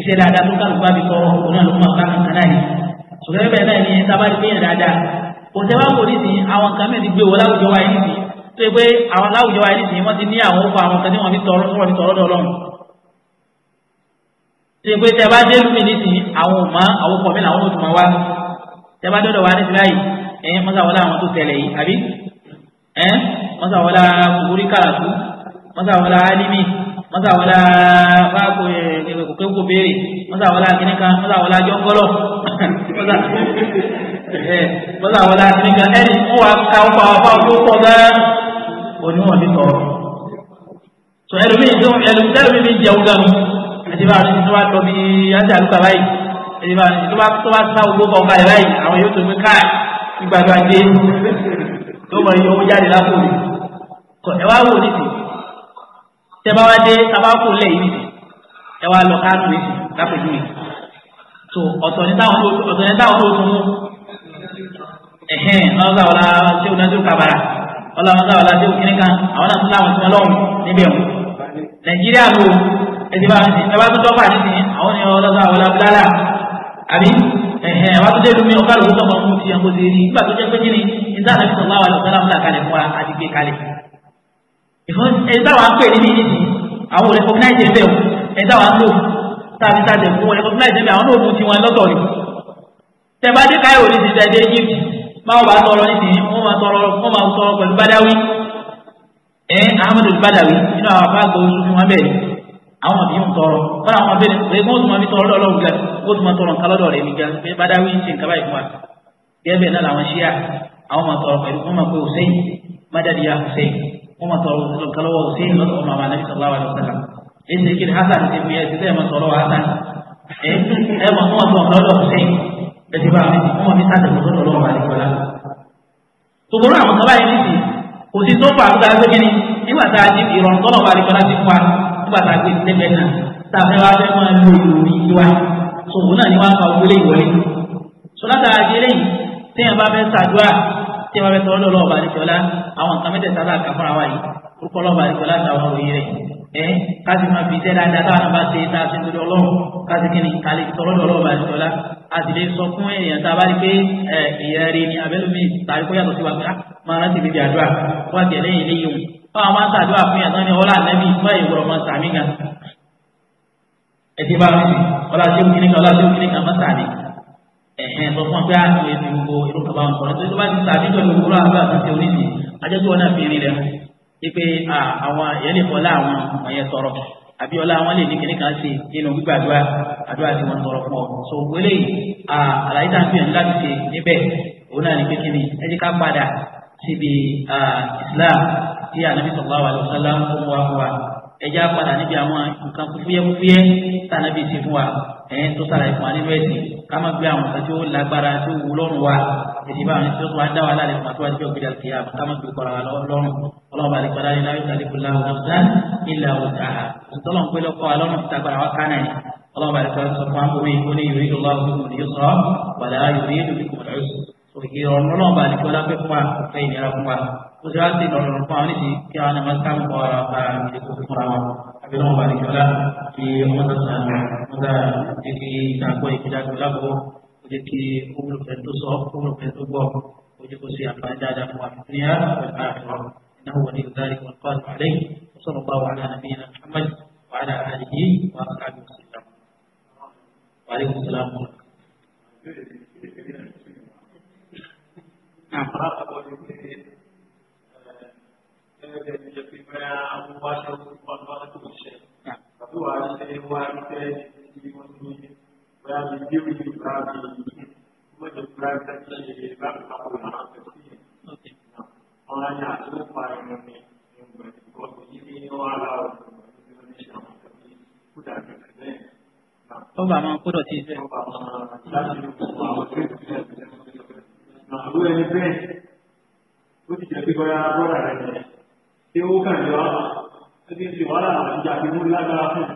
iṣẹ́ dáadáa tó kálukú àbí tọrọ òun náà ló máa bá kankan náà ni ṣùgbọ́n bẹ́ẹ̀ náà ni tábà ti gbìyànjú dáadáa kò tẹ́ wá wò nísìnyí àwọn kan mẹ́rin gbé wọ láwùjọ wáyé nísìnyí tó yẹ pé àwọn láwùjọ wáyé nísìnyí wọ́n ti ní àwọn ọkọ̀ àwọn kan tí wọ́n fi tọrọ tí wọ́n fi tọrọ dọ́lọ́run tó yẹ pé tẹ́ bá dé lùmí nísìnyí àwọn ò máa àwọn ọkọ̀ mi làwọn ò tún máa wá tẹ́ bá dọ́dọ̀ wá nísìnyí báyìí ẹ̀yin mọ́sàwọ́lá àwọn tó tẹ̀lé yìí àbí ẹ̀ mọ́sàwọ́lá kúkúrí kàràtú mọ́sàwọ́lá álímì mọ́tà wọlé báàkù òkè kò béèrè mọ́tà wọlé akínníkan mọ́tà wọlé ajọ́kọ́lọ̀ mọ́tà wọlé akínníkan ẹni wọ́n wá ká ọkọ̀ àwọn ọba òkú pọ̀ gan-an oníwọ̀n ní tọ́ tó ẹlòmíì tó ẹlòmíì mi jẹun gan-an ẹtì bá tó bá tọ́ bí ẹtì àlùkà báyìí ẹtì bá tó bá tó bá sá ogbó kan báyìí báyìí àwọn yóò tó mi ká ìgbàgbà dé <laughs> tó mọ̀ iye owó jáde lápò ẹ̀ wá wò ní tì tẹ́bá wá dé tabako lẹ̀ yìí ẹ wá lọ káàdù yìí lápẹ̀jù yìí tó ọ̀tọ̀ ní táwọn ọ̀tọ̀ ní táwọn tó tún mú ẹ̀hẹ́n ọ̀nà ọ̀la tí o nájú kabara ọ̀la ọ̀nà ọ̀la tí o kiri kan àwọn náà tún láwọn tún lọ́wọ́ níbẹ̀ o nàìjíríà ló ẹ̀sìn bá ti ẹ̀ bá tún dọ́gba ní sìn àwọn ni ọ̀la ọ̀la bilala àbí ẹ̀hẹ́n ẹ̀ bá tún délu mi ọ̀ká lòótọ́ kan fún ti ẹ̀ kó ti rí nígbà tó jẹ́ pé kí ẹni táwọn apè níbi níbi àwọn olè fọkànáìjẹ bẹ́ẹ̀ o ẹni táwọn apè tàbí tàbí fún olè fọkànáìjẹ bẹ́ẹ̀ àwọn olóògùn tiwọn lọ́tọ̀ ni. tẹ̀bádé káyọ̀ ní ti tẹ̀dé egypt báwọn bá tọrọ ní tìyí wọ́n máa tọrọ wọ́n máa tọrọ pẹ̀lú bádáwí ẹ ahmed olùbádáwí nínú àwọn afáàgbọ̀ oṣù fún wọn bẹ́ẹ̀ àwọn àbí ń tọrọ wọn àwọn abẹ́rẹ́ pé wọ́n tún máa fi tọrọ lọ́wọ́ ga wọ́n tún máa tọrọ nǹkan lọ́dọ̀ rẹ̀ mi ga pé bádáwí ń ṣe nǹkan báyìí fún wa gẹ́gẹ́ bẹ́ẹ̀ náà làwọn ṣíà àwọn máa tọrọ pẹ̀lú wọ́n máa pe hussein mádàdíyà hussein wọ́n máa tọrọ kọlọ́wọ́ sí lọ́sọ̀ ọmọ àmà nàbí sọ̀rọ̀ àwọn ọ̀sẹ̀lá èyí ni kí ni hasan ti fi ẹsẹ̀ tẹ́ ẹ̀ máa sọ̀rọ̀ hasan ẹ ẹ máa wọ́n máa tọrọ lọ́wọ́ sí ẹsẹ̀ bá mi wọ́n máa fi sáà tẹ̀sán sọ̀rọ̀ lọ́wọ́ àti kọ́lá. tòkòrò àwọn kaba yìí nìyí kò sí tó fà nígbà tó kíni nígbà tá a di ìrọ̀rùn tọ́lọ̀ bá nìkan láti fa nígbà tá a gbé tẹ́gbẹ́ náà tá a fẹ́ wá fẹ́ máa lo ìròyìn tiwa sòwò náà ni wọ́n á fa owó lé ìwọlé sọ látara di eléyìí téèyàn bá fẹ́ ṣàdúrà tí wọ́n bẹ tọrọ lọ́wọ́ ọba àdìsọ́lá àwọn nǹkan mẹ́tẹ̀ẹ̀ta bá kà fúnra wa yìí orúkọ lọ́wọ́ àdìsọ́lá àtàwọn òye rẹ̀ ẹ káàsì máa fi iṣẹ́ dáadáa táwọn bá ṣe tá a ṣe nítorí ọlọ́run káàsì kí ni kálí tọrọ lọ́wọ́ àdìsọ́lá a sì lè sọ fún èèyàn tá a bá rí pé èèyàn rí ni abẹ́lómi tàbí kó yàtọ̀ sí wa pé ah, máa rántí bíbí àdúrà wá tẹ̀lé ìléyìn o báwa máa ń sàdúrà fún yàtọ̀ ní ọlá àlẹ́bí ìgbà ìwọ̀rọ̀ máa sàmì gan. ẹ ti bá mi ọlá tí ó kan ọlá tí ó kan máa sàmì ẹ̀hẹ́n sọ fún ọ pé àwọn ètò gbogbo ìlú kaba ń sọ nítorí tó bá ti tàbí pẹ̀lú òwúrọ̀ àbúrò àtúnṣe oníṣìí ajẹ́tú ọ̀nà fìrí rẹ̀ wípé àwọn ìyẹn lè fọlá àwọn ọ̀yẹ́ tọrọ àbí ọlá wọn lè ní kíní kan ṣe nínú gbígbàdúrà àdúrà tí wọn tọrọ fún ọ so wọlé àlàyé tá à ń fi hàn láti ṣe níbẹ̀ òun náà ní kékeré ẹ jẹ́ ká padà síbi Islam tí ànábì sallallahu alaihi wasallam ń fún wa fún wa ẹ jẹ́ á padà níbi àwọn nǹkan fúfúyẹ́ fúfúyẹ́ tá ànábì ṣe fún wa ẹ̀yìn tó sára ìfún anínú ẹ̀sìn ká má gbé àwọn ìtàjú lágbára tó wù lọ́rùn wa èsì bá àwọn ìtàjú wa dá wa láre fún àtúwájú ọ̀gbìn dàkì àmọ́ ká má gbé kọ́ra wa lọ́rùn ọlọ́ọ̀bà lè padà nílá yóò sáré kúlá wọn dá ilẹ̀ ọ̀tá ìtọ́lọ̀ pé lọ́kọ́ wa lọ́rùn ta gbára wa ká náà ọlọ́ọ̀bà lè padà sọ fún àbúrò yìí ìrọ̀rùn ọlọ́run bá ní kí ọlá fẹ́ fún wa fẹ́ ìnira fún wa ó sì rántí ìrọ̀rùn fún wa níbi kí àwọn ọmọ sáà ń bọ̀ ara ara ìdíkò fún wa àbí ọlọ́run bá ní kí ọlá kí ọmọ sàṣà ọ̀dà jẹ́ kí ìdàgbọ́ ìpìlẹ̀ àti ó jẹ́ kí olùfẹ́ tó sọ olùfẹ́ tó gbọ́ ó jẹ́ kó ṣe àǹfààní fún wa ní ara ولي ذلك والقادر عليه الله على نبينا محمد وعلى آله وأصحابه وسلم. Nah, kalau begini, saya jadi jadi punya kuasa untuk buat itu bisa. Tapi wajib saya buat itu di mana berani diri berani, cuma jadi berani saja jadi berani apa yang harus Orangnya itu paling ini yang berikut ini walau Indonesia tapi sudah kerja. Kau bawa kuda sih. Kau bawa kuda sih àbúrò ẹni bẹ́ẹ̀ ó ti jẹ́ pé bọ́yá bọ́dà rẹ̀ ni ṣé ó kàn yọ ó ti wàhálà àtijọ́ àti mú lágbára fún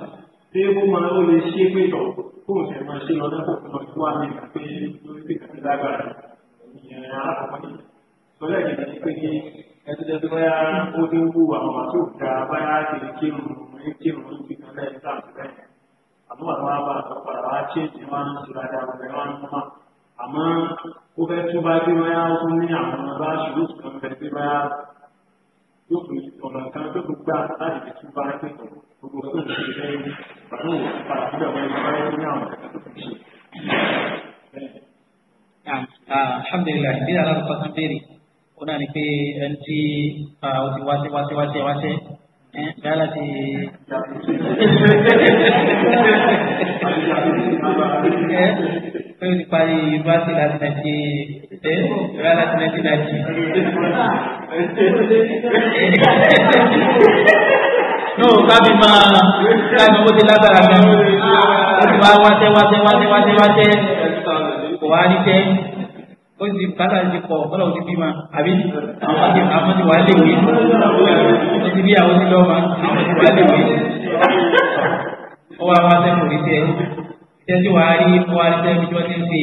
ṣé ó máa ó lè ṣe pé tọ̀ fóun ṣe máa ṣe lọ́dọ̀ fún ọmọ tó wà ní lórí pé kàtí lágbára ìyẹn alákọ̀ọ́kọ́ ni sọlẹ́ ìdí ni pé ní ẹtí jẹ́ pé bọ́yá ó ti ń wú àwọn àti òkúta báyá kiri kírun kírun ní ibi kan lẹ́yìn sáà àbúrò àwọn àbá àmọ́ ó fẹ́ tó bá gbé báyà ó tún ní àwọn bá ṣùgbọ́n kan fẹ́ gbé báyà yóò fi ọ̀nà kan tó fi gbà láti fi tún bá gbé gbogbo tó ń ṣe lẹ́yìn pàtó òun padà síbẹ̀ wọ́n ti báyà ní àwọn ẹ̀ka tó fi ṣe. alhamdulillah ìbílẹ̀ aláàbò kan béèrè ó náà ní pé ẹni tí ó ti wáṣẹ́ wáṣẹ́ wáṣẹ́ wáṣẹ́ ẹ̀ láti. ẹ̀ pé ó ti parí yunifásitì láti nàìjí ẹ ìrora láti nàìjí nàìjí. Nù kábí máa kábí ó ti lágbára gan. Ó ti wá wáṣẹ́ wáṣẹ́ wáṣẹ́ wáṣẹ́ wáṣẹ́. Kò wá ní tẹ́. Ó ti bàtà ti pọ̀ bọ́lá ó ti bí Àbí àwọn ti wà á léwé. Ó ti bí àwọn ti lọ́ọ́ Àwọn ti wà á léwé. Ó wá wáṣẹ́ kò ní tẹ́ tẹ́jú wa rí wá sẹ́mi tí wọ́n ti ń ṣe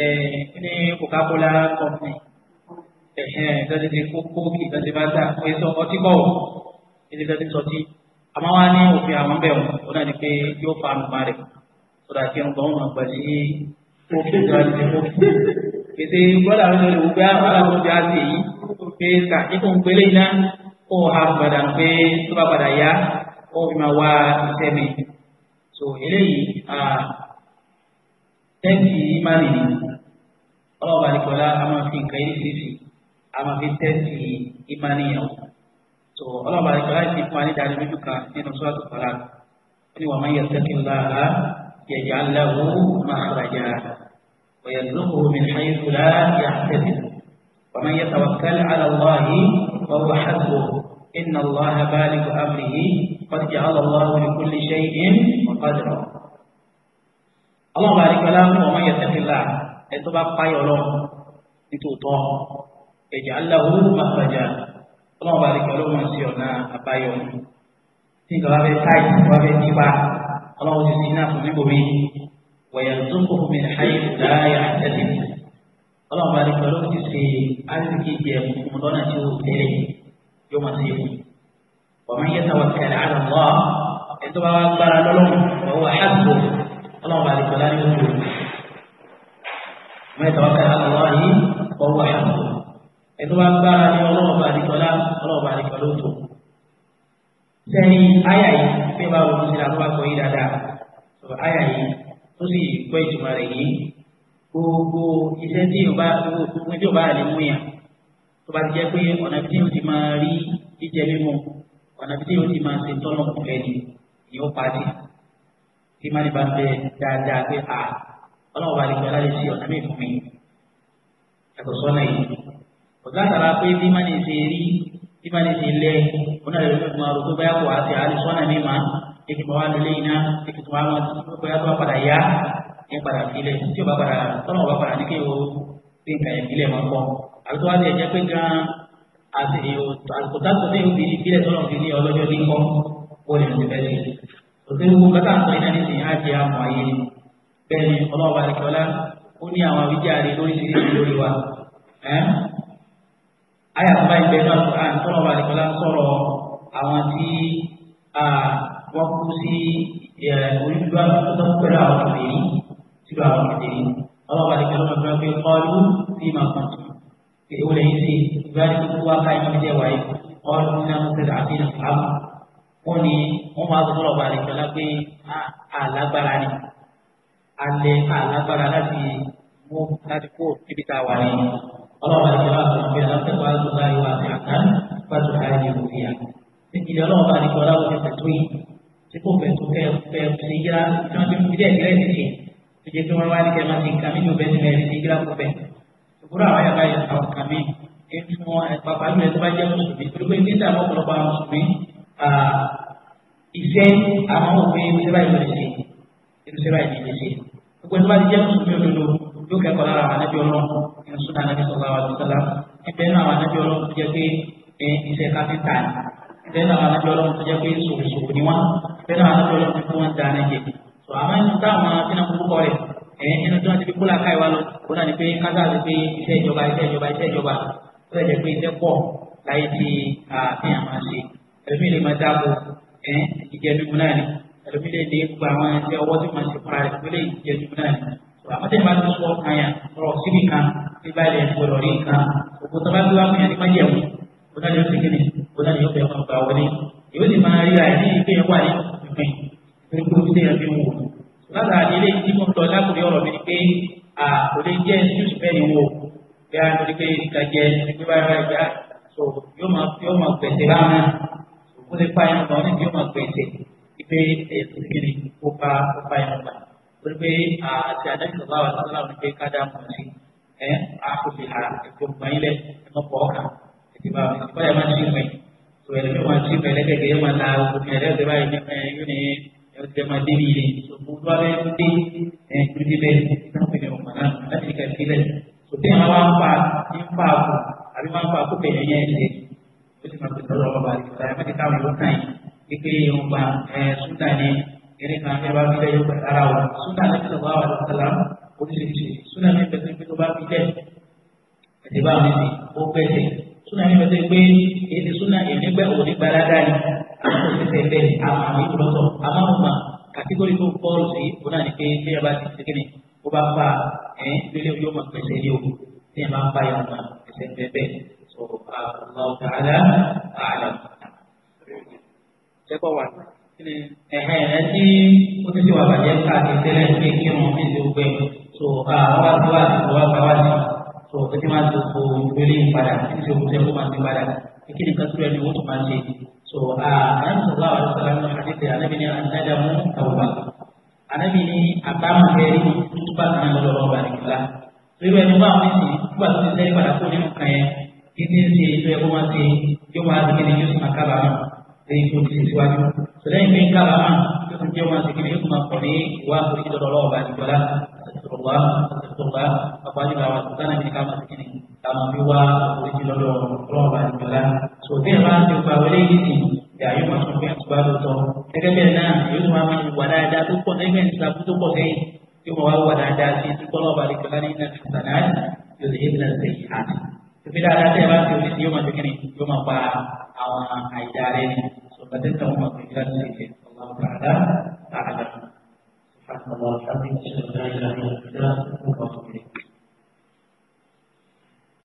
ẹ̀ ní Coca-Cola company ẹ̀hẹ́n ìtọ́jú ti kó kóòkì ìtọ́jú bá dà pé sọ ọtí bọ̀ wọ̀ ẹni tó ti sọtí àmọ́ wá ní òfin àwọn bẹ̀ wọ̀ ó náà ni pé yóò fa àmì parẹ̀ sọ̀rọ̀ àti ẹ̀rùn gbọ̀ngàn gbà sí kóòkì tó ti ṣe kóòkì. Ètè gbọ́dọ̀ àwọn olè wò pé aláwọ̀ ah, ti á sì yí pé kà so eleyi a tẹ́ǹtì ìmánì ni ọlọ́ọ̀bà nìkọ́lá a máa fi nǹkan yìí sí fi a máa fi tẹ́ǹtì ìmánì yẹn o so ọlọ́ọ̀bà nìkọ́lá ti fún wa ní dáadé lójú kan nínú sọ́ọ̀tù kọ́lá ni wàá máa yẹ sẹ́kì lára yẹ̀yà aláwo máa rajà ويرزقه من حيث لا يحتسب ومن يتوكل على الله فهو حسبه إن الله بالغ أمره قد جعل الله لكل شيء قدرا الله بارك لكم ومن يتق الله ẹtọba payọ ọlọ́run nítòótọ́ ẹjẹ aláwo màgbàjà ọlọ́run bá lè kọ ọlọ́run sí ọ̀nà àbáyọ tí nǹkan bá fẹ́ táyì bá fẹ́ nípa ọlọ́run ti sin náà fún níbòmí wẹ̀yà tó ń kókò mìíràn ayé ìdáyà tẹ́lẹ̀ ọlọ́run bá lè kọ ọlọ́run ti ṣe àríkì jẹ fún lọ́nà tí ó tẹ́lẹ̀ yóò máa ṣe é fún un. ومن يتوكل على الله يتوى أكبر لهم وهو حسبه الله عليه ولا يؤمن من يتوكل على الله وهو حسبه يتوى أكبر لهم بارك ولا الله بارك ولوته سهي آية في باب المسلم أنواع كويلة دا آية تسي كويت مريني gbogbo iṣẹ́ tí o bá gbogbo tí o bá lè mú yàn tó bá ti jẹ́ pé ọ̀nà tí o ti máa rí jíjẹ mímu ọ̀nà tí yóò ti máa ṣe tọ́lọ̀ fẹ́ ni yóò parí tí má ní bá ń bẹ dáadáa pé a ọlọ́run bá lè gbọ́ láti ṣe ọ̀nà mìíràn fún mi ẹ̀kọ́ sọ́nà yìí ọ̀gá àtàrà pé bí má ní ṣe rí bí má ní ṣe lẹ́ ọ̀nà rẹ̀ ló máa rò pé báyà kò àti àlè sọ́nà mi máa èkì tó wá lulẹ̀ yìí náà èkì tó wá máa tó bóyá tó wá padà yá o padà filẹ̀ tí ò bá padà tọ́lọ̀ bá padà ní kéwòn bí nǹkan ìbílẹ̀ máa kọ́ àbí tó wá lè jẹ́ pé gan àti àsìkò táàtò tí yóò fi di ìpínlẹ̀ tọ́lọ̀ fi ní ọlọ́jọ́ ní kọ́ ó lè ti bẹ́ẹ̀ sí. òtún gbogbo kátà ń sọ iná ní sìn ájì àmọ́ ayé ni bẹ́ẹ̀ ni ọlọ́ọ̀bà àdìsọ́lá ó ní àwọn àwíjàre lóríṣiríṣi lórí wa. àyà tó bá ìgbẹ́ náà sọ àti ọlọ́ọ̀bà àdìsọ́lá sọ̀rọ̀ àwọn tí wọ́n kú sí orílẹ̀-èdè àwọn tó pẹ̀lú èwo lẹ́yìn sí ìgbàlù wá káyọ̀ ní jẹ́ wáyé ọ̀rọ̀ ní àwọn sẹ́dá àti ìlànà wọn ni wọn máa sọ fọlọ́ balẹ̀ ìjọba pé alágbára ni alẹ́ alágbára láti mú láti kó ibi tá a wà ní ọlọ́wọ́ àti ìjọba àti ìjọba àti ìjọba àti ìjọba àti ìjọba àti ìjọba àti ìjọba àti ìjọba ìdílé ọlọ́wọ́ àti ìjọba àti ìjọba àti ìjọba tí kò fẹ́ tó fẹ́ fẹ́ ṣe yá tí wọ́n ti mú bí ẹ̀gẹ́rẹ́ ti ṣe tó jẹ́ pé wọ́n òwúrọ̀ àwọn yàrá yẹn kami, kan mí ètò wọn pàpà lóye tó bá jẹ́ mùsùlùmí tó pé nígbà wọn ọ̀pọ̀lọpọ̀ àwọn mùsùlùmí ìfẹ́ àwọn òfin ìṣẹ́bà ìmọ̀lẹ́sẹ̀ ìṣẹ́bà ìmọ̀lẹ́sẹ̀ gbogbo ẹni tó bá ti jẹ́ mùsùlùmí òdodo yóò kẹ́kọ̀ọ́ lára àwọn anábì ọlọ́run ní sunna anábì sọ̀rọ̀ àwọn àdúgbò ẹgbẹ́ náà àwọn anábì ọlọ́run tó jẹ́ pé iṣẹ́ káfíńtà ni ẹgbẹ́ náà àwọn anábì ọlọ́run tó jẹ́ pé sòwòsòwò ni wọ́n ẹgbẹ́ náà àwọn anábì ọlọ́run tó jẹ́ pé wọ́n dáná jẹ ẹ̀ ẹnu tí wọ́n ti fi kó làákà ìwà lọ kó náà ni pé kásá ti fi iṣẹ́ ìjọba iṣẹ́ ìjọba iṣẹ́ ìjọba tó lè jẹ́ pé iṣẹ́ pọ̀ láyé tí àfihàn máa ṣe ẹlòmí lè máa dáàbò ẹ̀ ìjẹ́ mímu náà ni ẹlòmí lè dé gba àwọn ẹ̀ṣẹ́ ọwọ́ tí màá ṣe fúnra rẹ̀ tó lè jẹ́ mímu náà ni àmọ́tẹ́ bá ti sọ ọkàn yà ọ̀rọ̀ síbi kan tí bá yẹ gbọdọ̀ rí nǹkan òkú tó bá gbé wá fún yà ní májèmú kó náà yóò ti kéde kó náà yóò bẹ̀rẹ̀ máa gbà wọlé yóò sì máa rí àìní ìgbéyàwó àyè tuntun pé kó o ti dé ẹ̀mí wò ó látà ilé tí mo ń lọ lákòrí ọ̀rọ̀ mi ni pé kò lè jẹ́ ṣíṣù bẹ́ẹ̀ ni wo bí a lórí pé ìta jẹ ìgbé báyìí báyìí bá so yóò máa yóò máa pèsè báyìí ó lè pa ẹnu kan níbi yóò máa pèsè ìpè ẹsìn kiri ó pa ó pa ẹnu kan lórí pé àti àdájọ́ bá wà sọ́dọ̀ láwọn pé ká dá mọ̀ sí ẹ àkóso ìhà ètò ìgbọ̀nyílẹ̀ ẹ̀mọ́ pọ̀ ọ̀kà ètò ìbá ìbáyà máa ń ṣí mẹ́ so ẹ̀rọ máa ń ṣí mẹ́ lẹ́gẹ̀gẹ̀ máa ta omi ẹ̀rẹ́ Tema diri Sebuah yang Eh Jadi Sampai dia mana Nanti dikasih kita Jadi awal apa Impa aku Tapi mampu aku Penyanyi ini Terus masuk ke rumah balik Saya masih tahu Yang lain Itu yang Eh Sunnah ni Ini kami Bawa kita Yang berarawan Sunnah Nabi Sallallahu Alaihi Wasallam Polisi Sunnah ni Betul Betul Bawa kita Jadi bawa ni Bukti Sunnah ni Betul Betul Ini sunnah Ini Betul Betul Bawa kita ṣẹṣẹ bẹ́ẹ̀ àwọn àwọn yìí lọ́tọ̀ àmọ́ àwọn ọmọ kàtígórì tó bọ́ọ̀lù sí òun náà ni pé bí ẹ bá ti ṣe kíni ó bá fa ẹ̀ lórí yóò mọ̀ pẹ̀sẹ̀ ní òkú tí ẹ máa ń bá yàrá máa pẹ̀sẹ̀ bẹ́ẹ̀ sọ àwọn ọ̀gá àlà ṣẹ́kọ̀ wà ẹ̀hẹ́ ẹ̀ tí ó ti ti wà bàjẹ́ káàkiri tẹ́lẹ̀ ní kí wọ́n fi ṣe gbẹ so àwọn àtiwá àti wọ́n bá wà ní so ó ti máa ń tó gbélé ìpadà tí ó ti ṣe òkú tẹ́lẹ̀ ó máa ti padà kí ni kásìrò ẹni ó tún máa ṣe so anabi uh, sallallahu alaihi wasallam ní hadithi anabi ní anadamu tawba anabi ah, ní abamu kẹrin tuba kan lọlọrọ ba ní kila so ibẹ ní báwọn si, sìn tuba tó ti sẹyìn padà kó nínú kan yẹn kí ti ń ṣe ètò ẹkọ wọn ṣe yóò máa ṣe kíni yóò sì máa kábàá mọ lẹ́yìn tó ti ṣe síwájú so lẹ́yìn pé ń kábàá mọ yóò sì jẹ wọn ṣe kíni yóò sì máa kọ ní kila astagfirullah astagfirullah apalagi lawan kita nanti kamu segini kamu dua polisi lolo lolo banyak jalan so dia lah yang bawa ini ya yóò máa sọ pé àtúbà ló tọ gẹ́gẹ́ bẹ́ẹ̀ náà yóò máa máa wà dáadáa tó pọ̀ lẹ́yìn ẹni sàbú tó pọ̀ sẹ́yìn yóò máa wà dáadáa sí ti kọlọ balẹ kọlá ní iná tó sànà áyì yóò lè yéé lẹ́sẹ̀ yìí àti tòbí dáadáa tẹ ẹ bá ti omi yóò máa tó kíni yóò máa pa ni sọ pàtẹ́tà wọn رحمه الله وبحمده اشهد الله لا اله الا